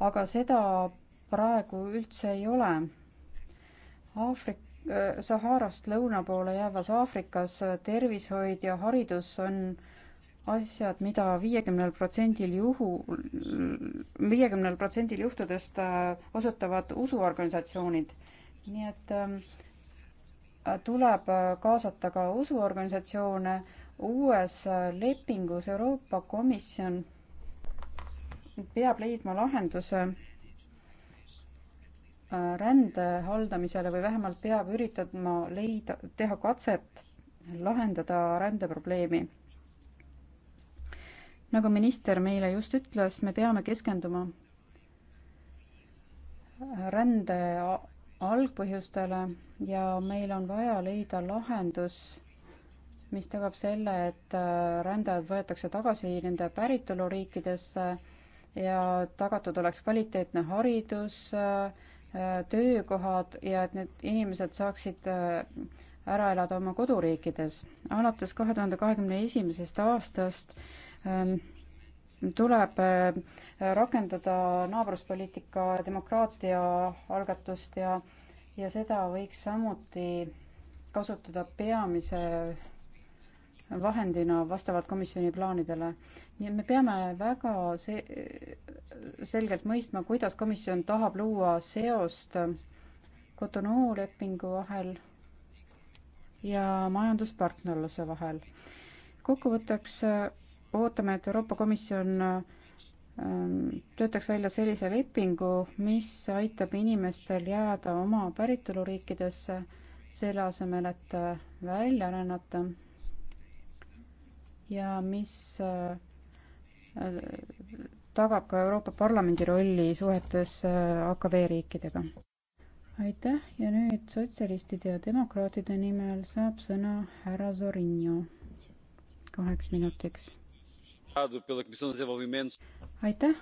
aga seda praegu üldse ei ole Aafrika äh, Saharast lõuna poole jäävas Aafrikas äh, tervishoid ja haridus on asjad mida, mida viiekümnel protsendil juhul, viiekümnel protsendil juhtudest äh, osutavad usuorganisatsioonid. nii et ähm, tuleb kaasata ka usuorganisatsioone. uues lepingus Euroopa Komisjon peab leidma lahenduse Äh, rände haldamisele või vähemalt peab üritama leida, teha katset lahendada rändeprobleemi. nagu minister meile just ütles, me peame keskenduma rände algpõhjustele ja meil on vaja leida lahendus, mis tagab selle, et äh, rändajad võetakse tagasi nende päritoluriikidesse ja tagatud oleks kvaliteetne haridus äh,, töökohad ja et need inimesed saaksid äh, ära elada oma koduriikides. alates kahe tuhande kahekümne esimesest aastast ähm, tuleb äh, rakendada naabruspoliitika demokraatia algatust ja, ja seda võiks samuti kasutada peamise vahendina vastavalt komisjoni plaanidele. nii et me peame väga see, selgelt mõistma, kuidas komisjon tahab luua seost Cotonou lepingu vahel ja majanduspartnerluse vahel. kokkuvõtteks äh, ootame, et Euroopa Komisjon ähm, töötaks välja sellise lepingu, mis aitab inimestel jääda oma päritoluriikidesse, selle asemel, et äh, välja rännata ja mis äh, tagab ka Euroopa Parlamendi rolli suhetes äh, AKV riikidega. aitäh ja nüüd sotsialistide ja demokraatide nimel saab sõna härra Zorinjo kaheks minutiks. aitäh.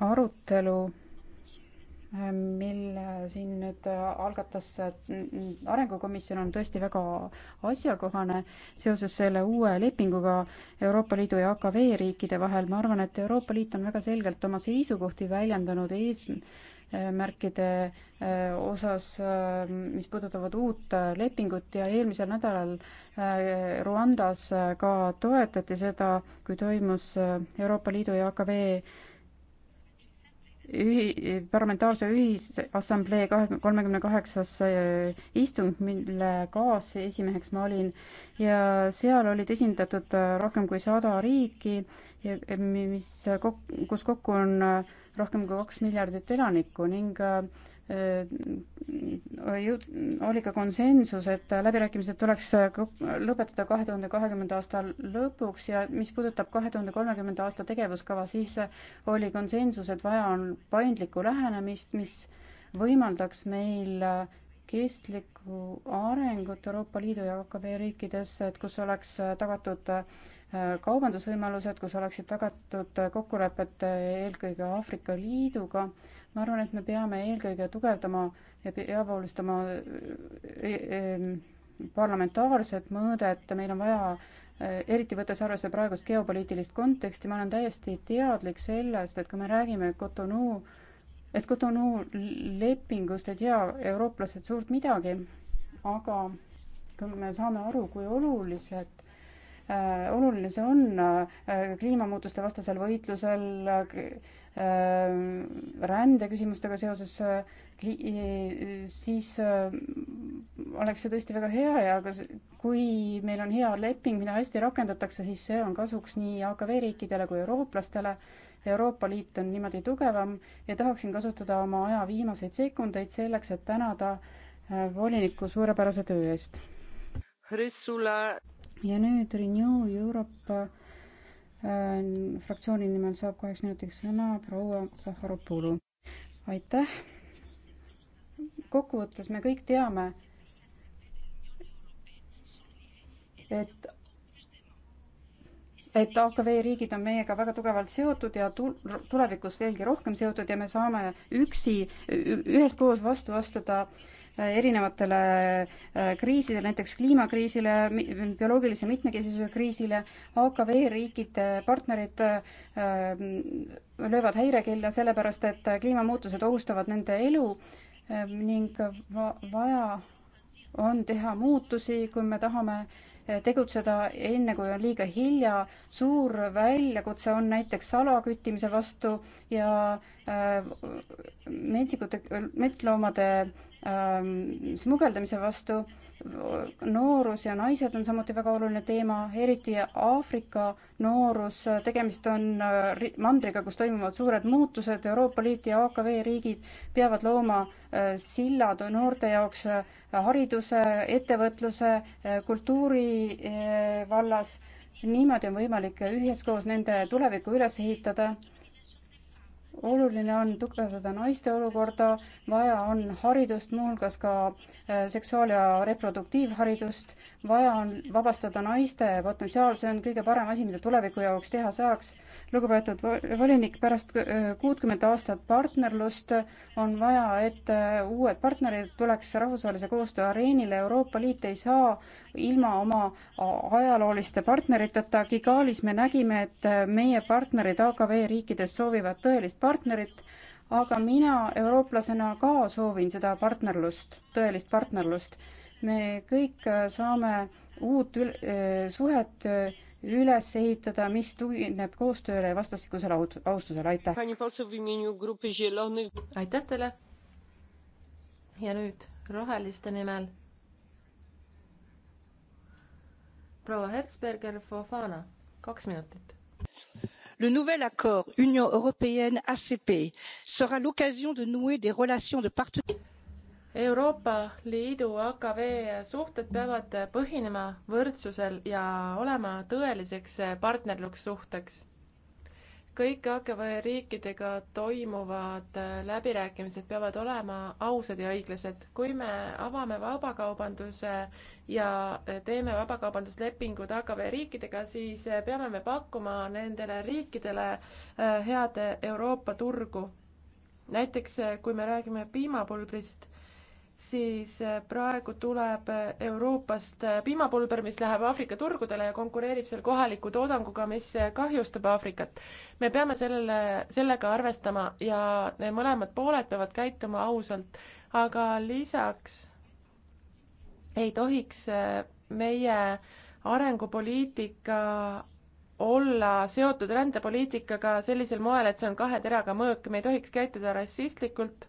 arutelu mille siin nüüd algatas äh, Arengukomisjon, on tõesti väga asjakohane seoses selle uue lepinguga Euroopa Liidu ja AKV riikide vahel. ma arvan, et Euroopa Liit on väga selgelt oma seisukohti väljendanud eesmärkide äh, äh, osas, mis puudutavad uut lepingut ja eelmisel nädalal Rwandas ka toetati seda, kui toimus Euroopa Liidu ja AKV ühi-, parlamentaarse ühisassamblee kahe, kolmekümne kaheksas eh, istung, mille kaasesimeheks ma olin ja seal olid esindatud eh, rohkem kui sada riiki ja mis kok-, kus kokku on eh, rohkem kui kaks miljardit elanikku ning äh, oli ka konsensus, et läbirääkimised tuleks äh, lõpetada kahe tuhande kahekümnenda aasta lõpuks ja mis puudutab kahe tuhande kolmekümnenda aasta tegevuskava, siis äh, oli konsensus, et vaja on paindlikku lähenemist, mis võimaldaks meil äh, kestlikku arengut Euroopa Liidu ja AKV riikides, et kus oleks tagatud kaubandusvõimalused, kus oleksid tagatud kokkulepped eelkõige Aafrika Liiduga ma arvan, et me peame eelkõige tugevdama ja peavoolustama e, e, parlamentaarset mõõdet, meil on vaja e, eriti võttes arvesse praegust geopoliitilist konteksti, ma olen täiesti teadlik sellest, et kui me räägime Cotonou, et Cotonou lepingust ei tea eurooplased suurt midagi, aga kui me saame aru, kui olulised äh,, oluline see on äh, kliimamuutuste vastasel võitlusel äh,, Äh, rändeküsimustega seoses, äh, äh, siis oleks see tõesti väga hea ja kas, kui meil on hea leping, mida hästi rakendatakse, siis see on kasuks nii AKV riikidele kui eurooplastele. Euroopa Liit on niimoodi tugevam ja tahaksin kasutada oma aja viimaseid sekundeid selleks, et tänada volinikku suurepärase töö eest. ja nüüd Renew Euroopa Äh, fraktsiooni nimel saab kaheks minutiks sõna proua Saharopoulou. aitäh. kokkuvõttes me kõik teame, et et AKV riigid on meiega väga tugevalt seotud ja tulevikus veelgi rohkem seotud ja me saame üksi, üheskoos vastu astuda äh, erinevatele äh, kriisidele, näiteks kliimakriisile, bioloogilise mitmekesisuse kriisile, AKV riikide partnerid äh, löövad häirekella, sellepärast et kliimamuutused ohustavad nende elu äh, ning vaja on teha muutusi, kui me tahame tegutseda enne, kui on liiga hilja. suur väljakutse on näiteks salaküttimise vastu ja äh, metsikute, metsloomade ähm, smugeldamise vastu noorus ja naised on samuti väga oluline teema, eriti Aafrika noorus, tegemist on äh, mandriga, kus toimuvad suured muutused, Euroopa Liit ja AKV riigid peavad looma äh, sillad noorte jaoks äh, hariduse, ettevõtluse, kultuuri vallas, niimoodi on võimalik üheskoos nende tulevikku üles ehitada oluline on tugevdada naiste olukorda, vaja on haridust, muuhulgas ka äh, seksuaal- ja reproduktiivharidust, vaja on vabastada naiste potentsiaal, see on kõige parem asi, mida tuleviku jaoks teha saaks. lugupeetud volinik, pärast äh, kuutkümmend aastat partnerlust on vaja, et äh, uued partnerid tuleks rahvusvahelise koostöö areenile. Euroopa Liit ei saa ilma oma ajalooliste partneriteta. Kigalis me nägime, et äh, meie partnerid AKV riikides soovivad tõelist partnerit aga mina eurooplasena ka soovin seda partnerlust, tõelist partnerlust me kõik äh, saame uut äh, suhet äh, üles ehitada, mis tugineb koostööle ja vastastikusele austusele, aitäh! aitäh teile! ja nüüd roheliste nimel proua Herzberger Fofana, kaks minutit. Le nouvel accord Union européenne ACP sera l'occasion de nouer des relations de partenariat Euroopa Liidu AKV suhted peavad põhinema võrdsusel ja olema tõeliseks partnerluks suhteks. kõik AKV riikidega toimuvad läbirääkimised peavad olema ausad ja õiglased. kui me avame vabakaubanduse ja teeme vabakaubanduslepingud AKV riikidega, siis peame me pakkuma nendele riikidele eh, head Euroopa turgu. näiteks eh, kui me räägime piimapulbrist siis äh, praegu tuleb äh, Euroopast äh, piimapulber, mis läheb Aafrika turgudele ja konkureerib seal kohaliku toodanguga, mis kahjustab Aafrikat. me peame sellele, sellega arvestama ja mõlemad pooled peavad käituma ausalt, aga lisaks ei tohiks meie arengupoliitika olla seotud rändepoliitikaga sellisel moel, et see on kahe teraga mõõk, me ei tohiks käituda rassistlikult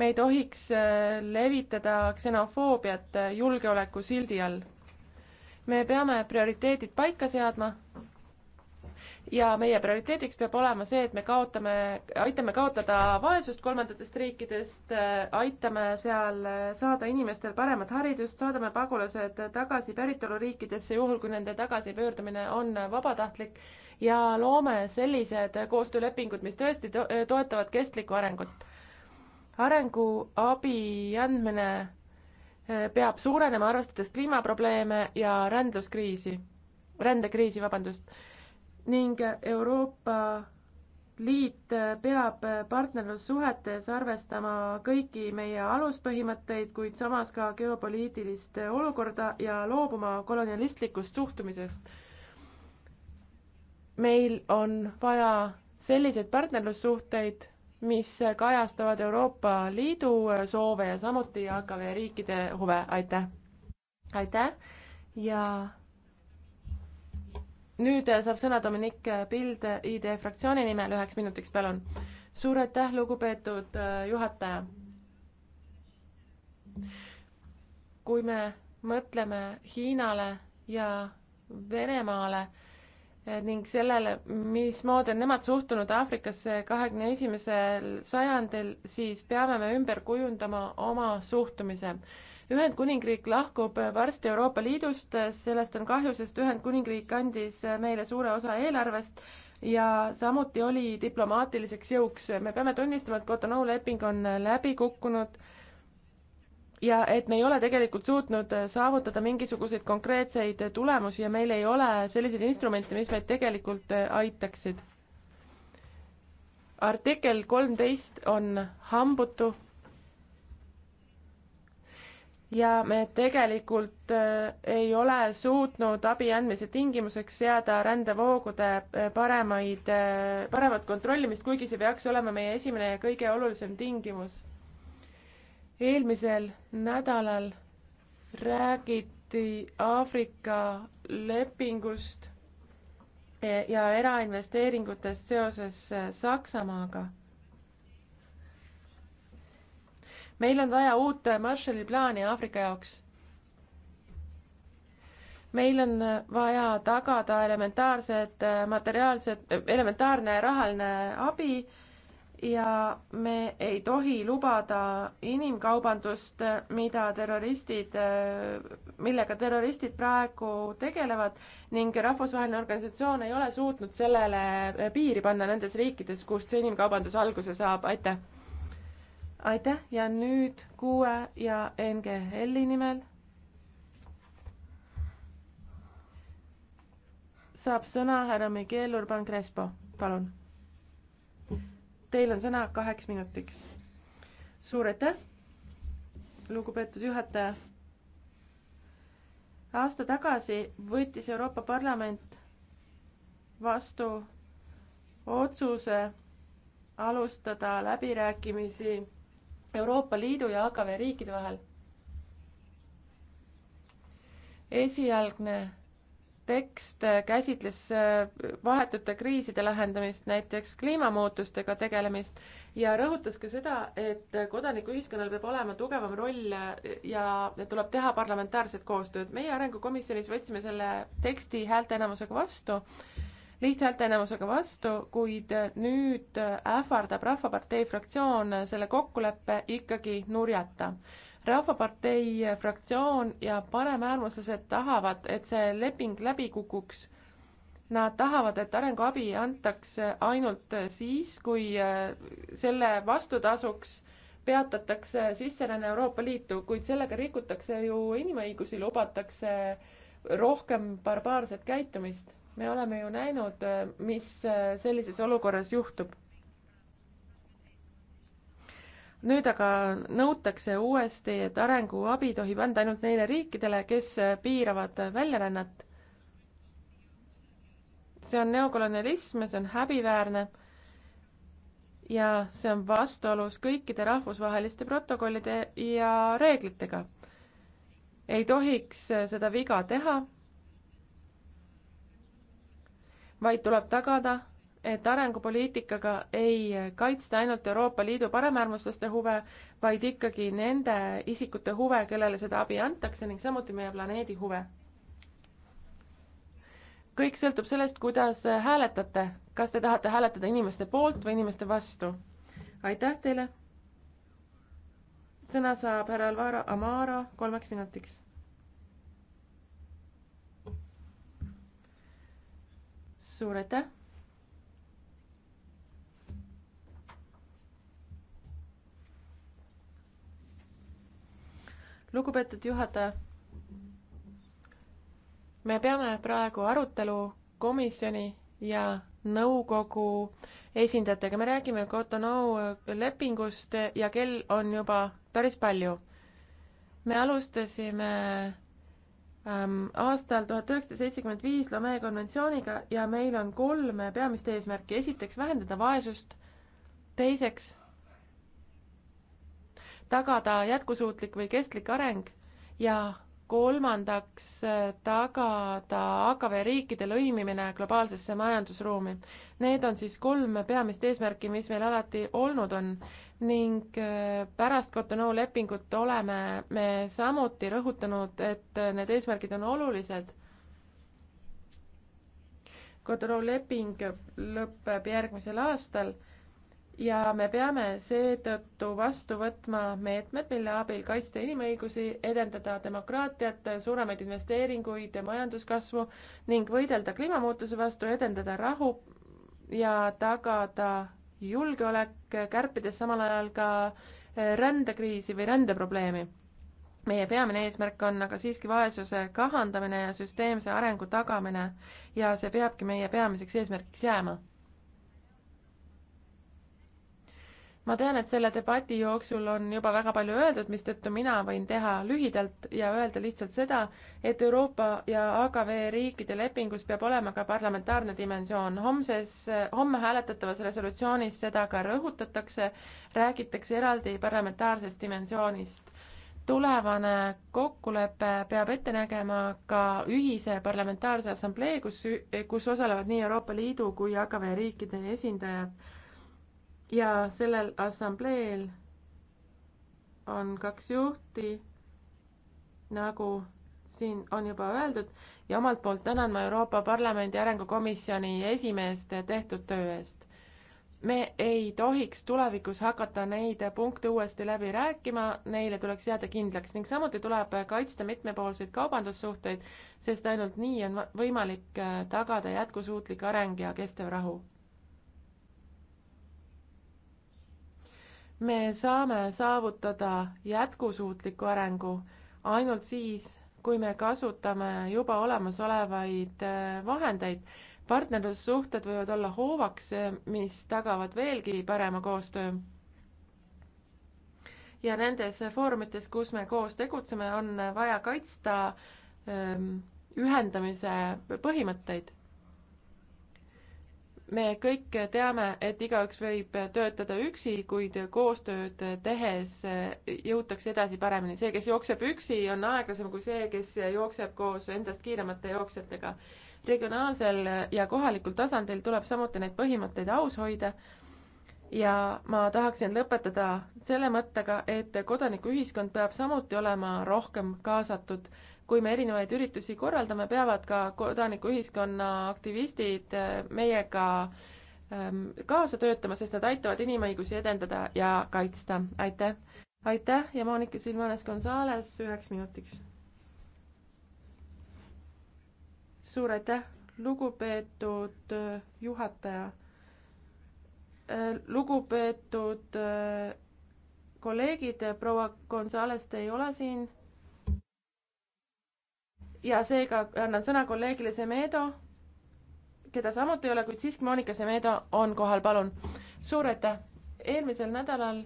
me ei tohiks äh, levitada ksenofoobiat äh, julgeoleku sildi all. me peame prioriteedid paika seadma ja meie prioriteediks peab olema see, et me kaotame, aitame kaotada vaesust kolmandatest riikidest, äh, aitame seal saada inimestel paremat haridust, saadame pagulased tagasi päritoluriikidesse, juhul kui nende tagasipöördumine on vabatahtlik ja loome sellised koostöölepingud, mis tõesti to toetavad kestlikku arengut arenguabi andmine eh, peab suurenema, arvestades kliimaprobleeme ja rändluskriisi, rändekriisi, vabandust, ning Euroopa Liit peab partnerlussuhetes arvestama kõiki meie aluspõhimõtteid, kuid samas ka geopoliitilist olukorda ja loobuma kolonialistlikust suhtumisest. meil on vaja selliseid partnerlussuhteid, mis kajastavad Euroopa Liidu soove ja samuti AKV riikide huve, aitäh! aitäh ja nüüd saab sõna Dominic Pild ID fraktsiooni nimel üheks minutiks, palun. suur aitäh, lugupeetud äh, juhataja. kui me mõtleme Hiinale ja Venemaale, ning sellele, mismoodi on nemad suhtunud Aafrikasse kahekümne esimesel sajandil, siis peame me ümber kujundama oma suhtumise. Ühendkuningriik lahkub varsti Euroopa Liidust, sellest on kahju, sest Ühendkuningriik andis meile suure osa eelarvest ja samuti oli diplomaatiliseks jõuks. me peame tunnistama, et Cotonou leping on läbi kukkunud ja et me ei ole tegelikult suutnud äh, saavutada mingisuguseid konkreetseid äh, tulemusi ja meil ei ole selliseid instrumente, mis meid tegelikult äh, aitaksid. artikkel kolmteist on hambutu. ja me tegelikult ei ole suutnud abi andmise tingimuseks seada rändevoogude paremaid, paremat kontrollimist, kuigi see peaks olema meie esimene ja kõige olulisem tingimus eelmisel nädalal räägiti Aafrika lepingust eh, ja erainvesteeringutest seoses eh, Saksamaaga. meil on vaja uut eh, Marshalli plaani Aafrika jaoks. meil on vaja tagada elementaarsed materiaalsed, elementaarne rahaline abi ja me ei tohi lubada inimkaubandust, mida terroristid, millega terroristid praegu tegelevad ning rahvusvaheline organisatsioon ei ole suutnud sellele piiri panna nendes riikides, kust see inimkaubandus alguse saab, aitäh. aitäh ja nüüd kuue ja NGL-i nimel saab sõna härra Miguel Urban Crespo, palun Teil on sõna kaheks minutiks. suur aitäh, lugupeetud juhataja. aasta tagasi võttis Euroopa Parlament vastu otsuse alustada läbirääkimisi Euroopa Liidu ja AKV riikide vahel. esialgne tekst käsitles äh, vahetute kriiside lahendamist, näiteks kliimamuutustega tegelemist ja rõhutas ka seda, et kodanikuühiskonnal peab olema tugevam roll ja tuleb teha parlamentaarset koostööd. meie Arengukomisjonis võtsime selle teksti häälteenamusega vastu, lihthäälteenamusega vastu, kuid nüüd ähvardab Rahvapartei fraktsioon selle kokkuleppe ikkagi nurjata rahvapartei fraktsioon ja paremäärmuslased tahavad, et see leping läbi kukuks. Nad tahavad, et arenguabi antakse ainult siis, kui äh, selle vastutasuks peatatakse sisseränne Euroopa Liitu, kuid sellega rikutakse ju inimõigusi, lubatakse rohkem barbaarset käitumist. me oleme ju näinud, äh, mis äh, sellises olukorras juhtub nüüd aga nõutakse uuesti, et arenguabi tohib anda ainult neile riikidele, kes piiravad väljarännet. see on neokolonialism ja see on häbiväärne. ja see on vastuolus kõikide rahvusvaheliste protokollide ja reeglitega. ei tohiks seda viga teha, vaid tuleb tagada et arengupoliitikaga ei kaitsta ainult Euroopa Liidu paremäärmuslaste huve, vaid ikkagi nende isikute huve, kellele seda abi antakse ning samuti meie planeedi huve. kõik sõltub sellest, kuidas hääletate, kas te tahate hääletada inimeste poolt või inimeste vastu. aitäh teile. sõna saab härra Alvaro Amaro kolmeks minutiks. suur aitäh lugupeetud juhataja. me peame praegu arutelu komisjoni ja nõukogu esindajatega, me räägime Cotonou lepingust ja kell on juba päris palju. me alustasime ähm, aastal tuhat üheksasada seitsekümmend viis Lomee konventsiooniga ja meil on kolm peamist eesmärki, esiteks vähendada vaesust, teiseks tagada jätkusuutlik või kestlik areng ja kolmandaks äh, tagada AKV riikide lõimimine globaalsesse majandusruumi. Need on siis kolm peamist eesmärki, mis meil alati olnud on ning äh, pärast Cotonou lepingut oleme me samuti rõhutanud, et äh, need eesmärgid on olulised. Cotonou leping lõpeb järgmisel aastal ja me peame seetõttu vastu võtma meetmed, mille abil kaitsta inimõigusi, edendada demokraatiat, suuremaid investeeringuid ja majanduskasvu ning võidelda kliimamuutuse vastu, edendada rahu ja tagada julgeolek, kärpides samal ajal ka eh, rändekriisi või rändeprobleemi meie peamine eesmärk on aga siiski vaesuse kahandamine ja süsteemse arengu tagamine ja see peabki meie peamiseks eesmärgiks jääma ma tean, et selle debati jooksul on juba väga palju öeldud, mistõttu mina võin teha lühidalt ja öelda lihtsalt seda, et Euroopa ja AKV riikide lepingus peab olema ka parlamentaarne dimensioon. homses, homme hääletatavas resolutsioonis seda ka rõhutatakse, räägitakse eraldi parlamentaarsest dimensioonist tulevane kokkulepe peab ette nägema ka ühise parlamentaarse assamblee, kus, kus osalevad nii Euroopa Liidu kui AKV riikide esindajad ja sellel assambleel on kaks juhti, nagu siin on juba öeldud ja omalt poolt tänan ma Euroopa Parlamendi Arengukomisjoni esimeest tehtud töö eest. me ei tohiks tulevikus hakata neid punkte uuesti läbi rääkima, neile tuleks jääda kindlaks ning samuti tuleb kaitsta mitmepoolseid kaubandussuhteid, sest ainult nii on võimalik tagada jätkusuutlik areng ja kestev rahu me saame saavutada jätkusuutliku arengu ainult siis, kui me kasutame juba olemasolevaid äh, vahendeid. partnerlussuhted võivad olla hoovaks, äh, mis tagavad veelgi parema koostöö. ja nendes foorumites, kus me koos tegutseme, on vaja kaitsta ähm, ühendamise põhimõtteid me kõik teame, et igaüks võib töötada üksi, kuid koostööd tehes jõutakse edasi paremini. see, kes jookseb üksi, on aeglasem kui see, kes jookseb koos endast kiiremate jooksjatega. regionaalsel ja kohalikul tasandil tuleb samuti neid põhimõtteid aus hoida ja ma tahaksin lõpetada selle mõttega, et kodanikuühiskond peab samuti olema rohkem kaasatud kui me erinevaid üritusi korraldame, peavad ka kodanikuühiskonna aktivistid äh, meiega ähm, kaasa töötama, sest nad aitavad inimõigusi edendada ja kaitsta. aitäh! aitäh ja Monika Silmanes Gonzales üheks minutiks. suur aitäh, lugupeetud äh, juhataja. Äh, lugupeetud kolleegid, proua Gonzales, te ei ole siin ja seega annan sõna kolleegile Semedo, keda samuti ei ole, kuid siiski Monika Semedo on kohal, palun. suur aitäh, eelmisel nädalal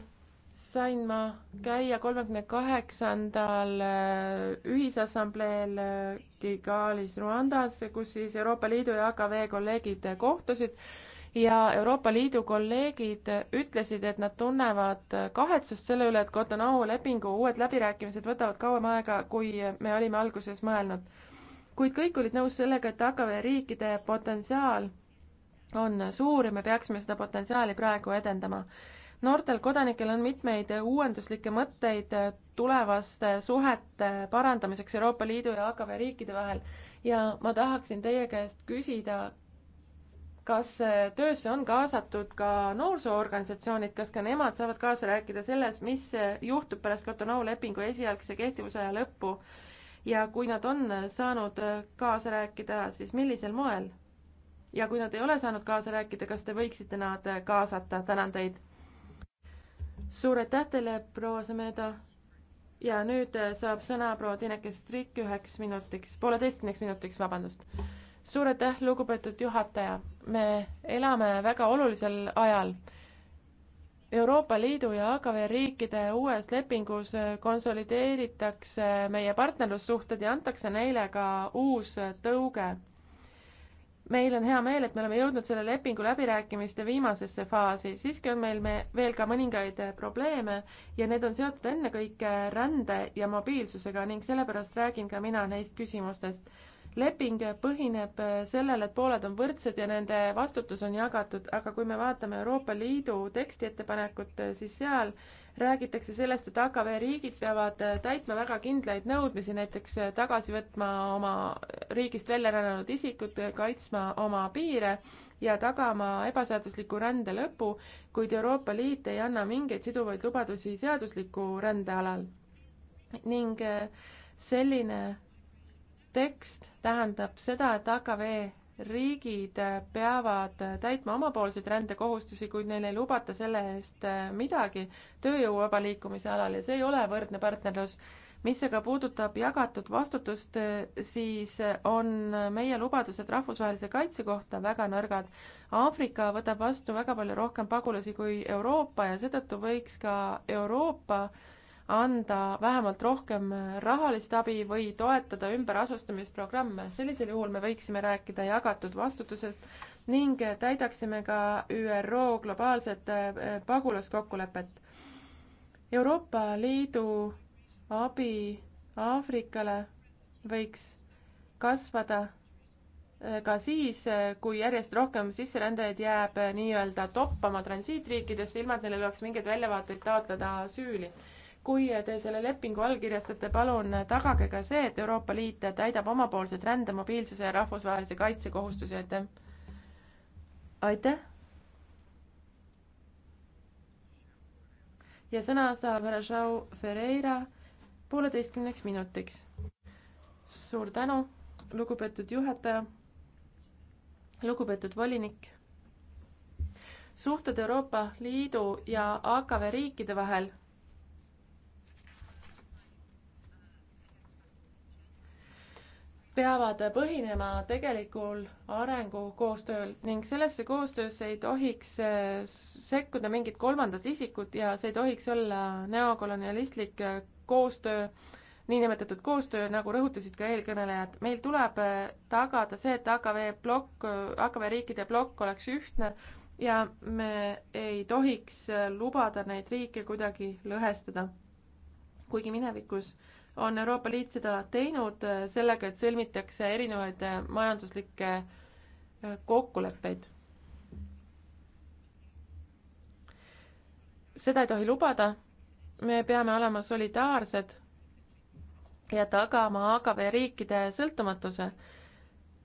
sain ma käia kolmekümne kaheksandal äh, ühisassambleel äh, Kigalis Rwandas, kus siis Euroopa Liidu ja AKV kolleegid äh, kohtusid ja Euroopa Liidu kolleegid ütlesid, et nad tunnevad kahetsust selle üle, et Cotonou lepingu uued läbirääkimised võtavad kauem aega, kui me olime alguses mõelnud. kuid kõik olid nõus sellega, et AKV riikide potentsiaal on suur ja me peaksime seda potentsiaali praegu edendama noortel kodanikel on mitmeid uuenduslikke mõtteid tulevaste suhete parandamiseks Euroopa Liidu ja AKV riikide vahel ja ma tahaksin teie käest küsida, kas äh, töösse on kaasatud ka noorsoorganisatsioonid, kas ka nemad saavad kaasa rääkida selles, mis äh, juhtub pärast Cotonou lepingu esialgse kehtivusaja lõppu ja kui nad on äh, saanud kaasa rääkida, siis millisel moel? ja kui nad ei ole saanud kaasa rääkida, kas te võiksite nad kaasata, tänan teid. suur aitäh teile, proua Semedo. ja nüüd saab sõna proua Tineke Strik üheks minutiks, pooleteistkümneks minutiks, vabandust suur aitäh, lugupeetud juhataja. me elame väga olulisel ajal. Euroopa Liidu ja AKV riikide uues lepingus konsolideeritakse meie partnerlussuhted ja antakse neile ka uus tõuge. meil on hea meel, et me oleme jõudnud selle lepingu läbirääkimiste viimasesse faasi, siiski on meil me veel ka mõningaid probleeme ja need on seotud ennekõike rände ja mobiilsusega ning sellepärast räägin ka mina neist küsimustest leping põhineb sellel, et pooled on võrdsed ja nende vastutus on jagatud, aga kui me vaatame Euroopa Liidu teksti ettepanekut, siis seal räägitakse sellest, et AKV riigid peavad täitma väga kindlaid nõudmisi, näiteks tagasi võtma oma riigist välja rännanud isikud, kaitsma oma piire ja tagama ebaseadusliku rände lõpu, kuid Euroopa Liit ei anna mingeid siduvaid lubadusi seadusliku rände alal. ning selline tekst tähendab seda, et AKV riigid peavad täitma omapoolseid rändekohustusi, kuid neile ei lubata selle eest midagi tööjõu vaba liikumise alal ja see ei ole võrdne partnerlus. mis aga puudutab jagatud vastutust, siis on meie lubadused rahvusvahelise kaitse kohta väga nõrgad. Aafrika võtab vastu väga palju rohkem pagulasi kui Euroopa ja seetõttu võiks ka Euroopa äh, anda vähemalt rohkem rahalist abi või toetada ümberasustamisprogramme. sellisel juhul me võiksime rääkida jagatud vastutusest ning täidaksime ka ÜRO globaalset äh, pagulaskokkulepet. Euroopa Liidu abi Aafrikale võiks kasvada äh, ka siis, äh, kui järjest rohkem sisserändajaid jääb nii-öelda toppama transiitriikidesse, ilma et neil oleks mingeid väljavaateid taotleda süüli kui te selle lepingu allkirjastate, palun tagage ka see, et Euroopa Liit täidab omapoolsed rände, mobiilsuse ja rahvusvahelise kaitse kohustusi, aitäh. aitäh. ja sõna saab härra Joao Ferreira pooleteistkümneks minutiks. suur tänu, lugupeetud juhataja. lugupeetud volinik suhted Euroopa Liidu ja AKV riikide vahel peavad põhinema tegelikul arengukoostööl ning sellesse koostöösse ei tohiks eh, sekkuda mingid kolmandad isikud ja see ei tohiks olla neokolonialistlik eh, koostöö, niinimetatud koostöö, nagu rõhutasid ka eelkõnelejad. meil tuleb eh, tagada see, et AKV plokk, AKV riikide plokk oleks ühtne ja me ei tohiks lubada neid riike kuidagi lõhestada. kuigi minevikus on Euroopa Liit seda teinud äh, sellega, et sõlmitakse erinevaid äh, majanduslikke äh, kokkuleppeid. seda ei tohi lubada, me peame olema solidaarsed ja tagama AKV riikide sõltumatuse.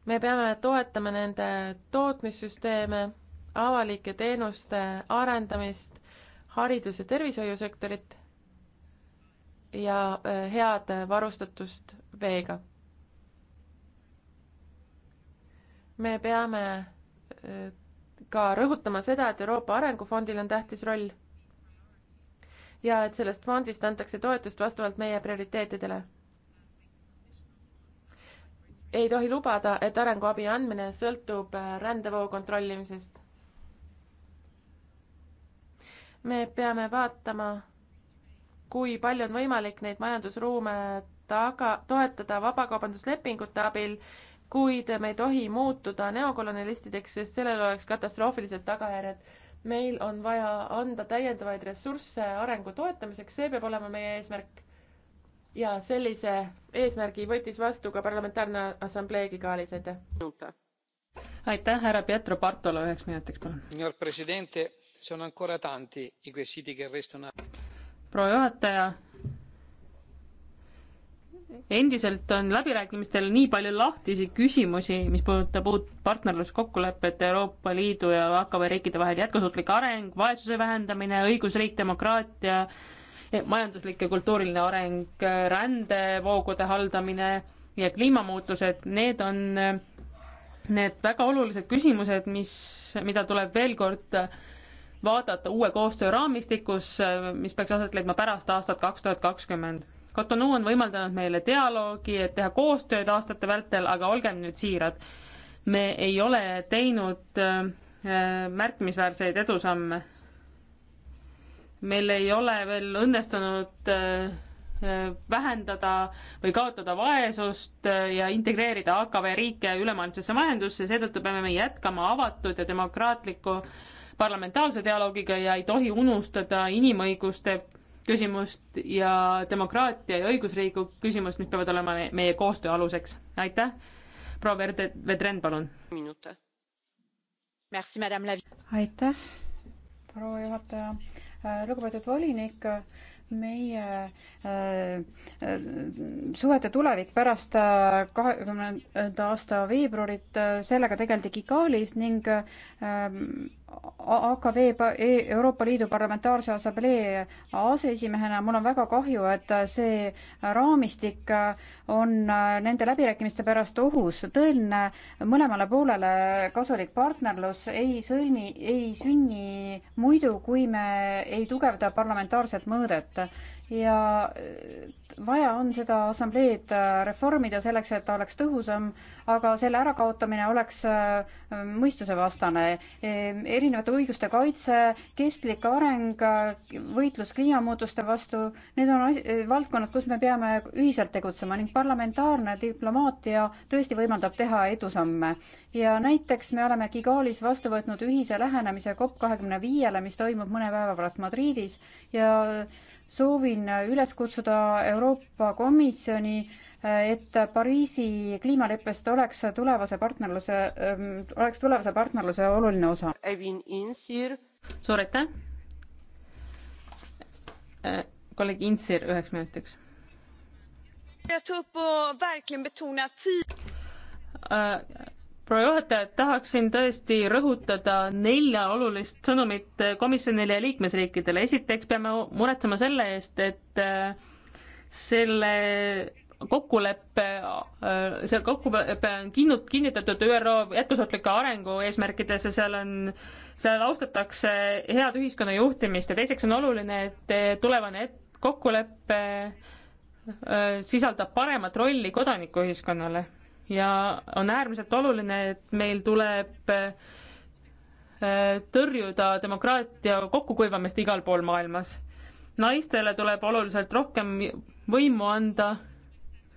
me peame toetama nende tootmissüsteeme, avalike teenuste arendamist, haridus- ja tervishoiusektorit ja äh, head varustatust veega. me peame äh, ka rõhutama seda, et Euroopa Arengufondil on tähtis roll ja et sellest fondist antakse toetust vastavalt meie prioriteetidele. ei tohi lubada, et arenguabi andmine sõltub äh, rändevoo kontrollimisest. me peame vaatama kui palju on võimalik neid majandusruume taga, toetada vabakaubanduslepingute abil, kuid me ei tohi muutuda neokolonialistideks, sest sellel oleks katastroofilised tagajärjed. meil on vaja anda täiendavaid ressursse arengu toetamiseks, see peab olema meie eesmärk. ja sellise eesmärgi võttis vastu ka Parlamentaarne Assamblee Gigaalis, aitäh. aitäh, härra Pietro Bartolo, üheks minutiks palun. Signor Presidente, sono ancora tanti i quesiti che restano proua juhataja, endiselt on läbirääkimistel nii palju lahtisi küsimusi, mis puudutab uut partnerluskokkulepet Euroopa Liidu ja AKV riikide vahel, jätkusuutlik areng, vaesuse vähendamine, õigusriik, demokraatia, majanduslik ja kultuuriline areng, rändevoogude haldamine ja kliimamuutused, need on need väga olulised küsimused, mis, mida tuleb veel kord äh, vaadata uue koostöö raamistikus, mis peaks aset leidma pärast aastat kaks tuhat kakskümmend. Cotonou on võimaldanud meile dialoogi, et teha koostööd aastate vältel, aga olgem nüüd siirad, me ei ole teinud äh, märkimisväärseid edusamme. meil ei ole veel õnnestunud äh, äh, vähendada või kaotada vaesust ja integreerida AKV riike ülemaailmsesse majandusse, seetõttu peame me jätkama avatud ja demokraatliku äh, parlamentaarse dialoogiga ja ei tohi unustada inimõiguste küsimust ja demokraatia ja õigusriigu küsimust, mis peavad olema meie koostöö aluseks. aitäh. proua Verde-, Vedren, palun. aitäh, proua juhataja. Äh, lugupeetud volinik meie äh, suhete tulevik pärast äh, kahekümnenda aasta veebruarit, äh, sellega tegeldi Kigalis ning äh, AKV e- Euroopa Liidu Parlamentaarse Assamblee aseesimehena mul on väga kahju, et see raamistik on nende läbirääkimiste pärast ohus. tõeline mõlemale poolele kasulik partnerlus ei sõlmi, ei sünni muidu, kui me ei tugevda parlamentaarset mõõdet ja vaja on seda assambleed äh, reformida selleks, et ta oleks tõhusam, aga selle ärakaotamine oleks äh, mõistusevastane. E, erinevate õiguste kaitse, kestlik areng, äh, võitlus kliimamuutuste vastu, need on valdkonnad, kus me peame ühiselt tegutsema ning parlamentaarne diplomaatia tõesti võimaldab teha edusamme. ja näiteks me oleme Kigalis vastu võtnud ühise lähenemise COP kahekümne viiele, mis toimub mõne päeva pärast Madridis ja soovin üles kutsuda Euroopa Komisjoni, et Pariisi kliimaleppest oleks tulevase partnerluse, ähm, oleks tulevase partnerluse oluline osa. suur aitäh. Äh, kolleeg Intsir üheks minutiks proua juhataja, tahaksin tõesti rõhutada nelja olulist sõnumit komisjonile ja liikmesriikidele. esiteks peame muretsema selle eest, et äh, selle kokkuleppe, äh, see kokkulepe on kinnut-, kinnitatud ÜRO jätkusuutlike arengu eesmärkides ja seal on, seal austatakse head ühiskonna juhtimist ja teiseks on oluline, et tulevane et-, kokkulepe äh, sisaldab paremat rolli kodanikuühiskonnale ja on äärmiselt oluline, et meil tuleb äh, tõrjuda demokraatia kokkukuivamist igal pool maailmas. naistele tuleb oluliselt rohkem võimu anda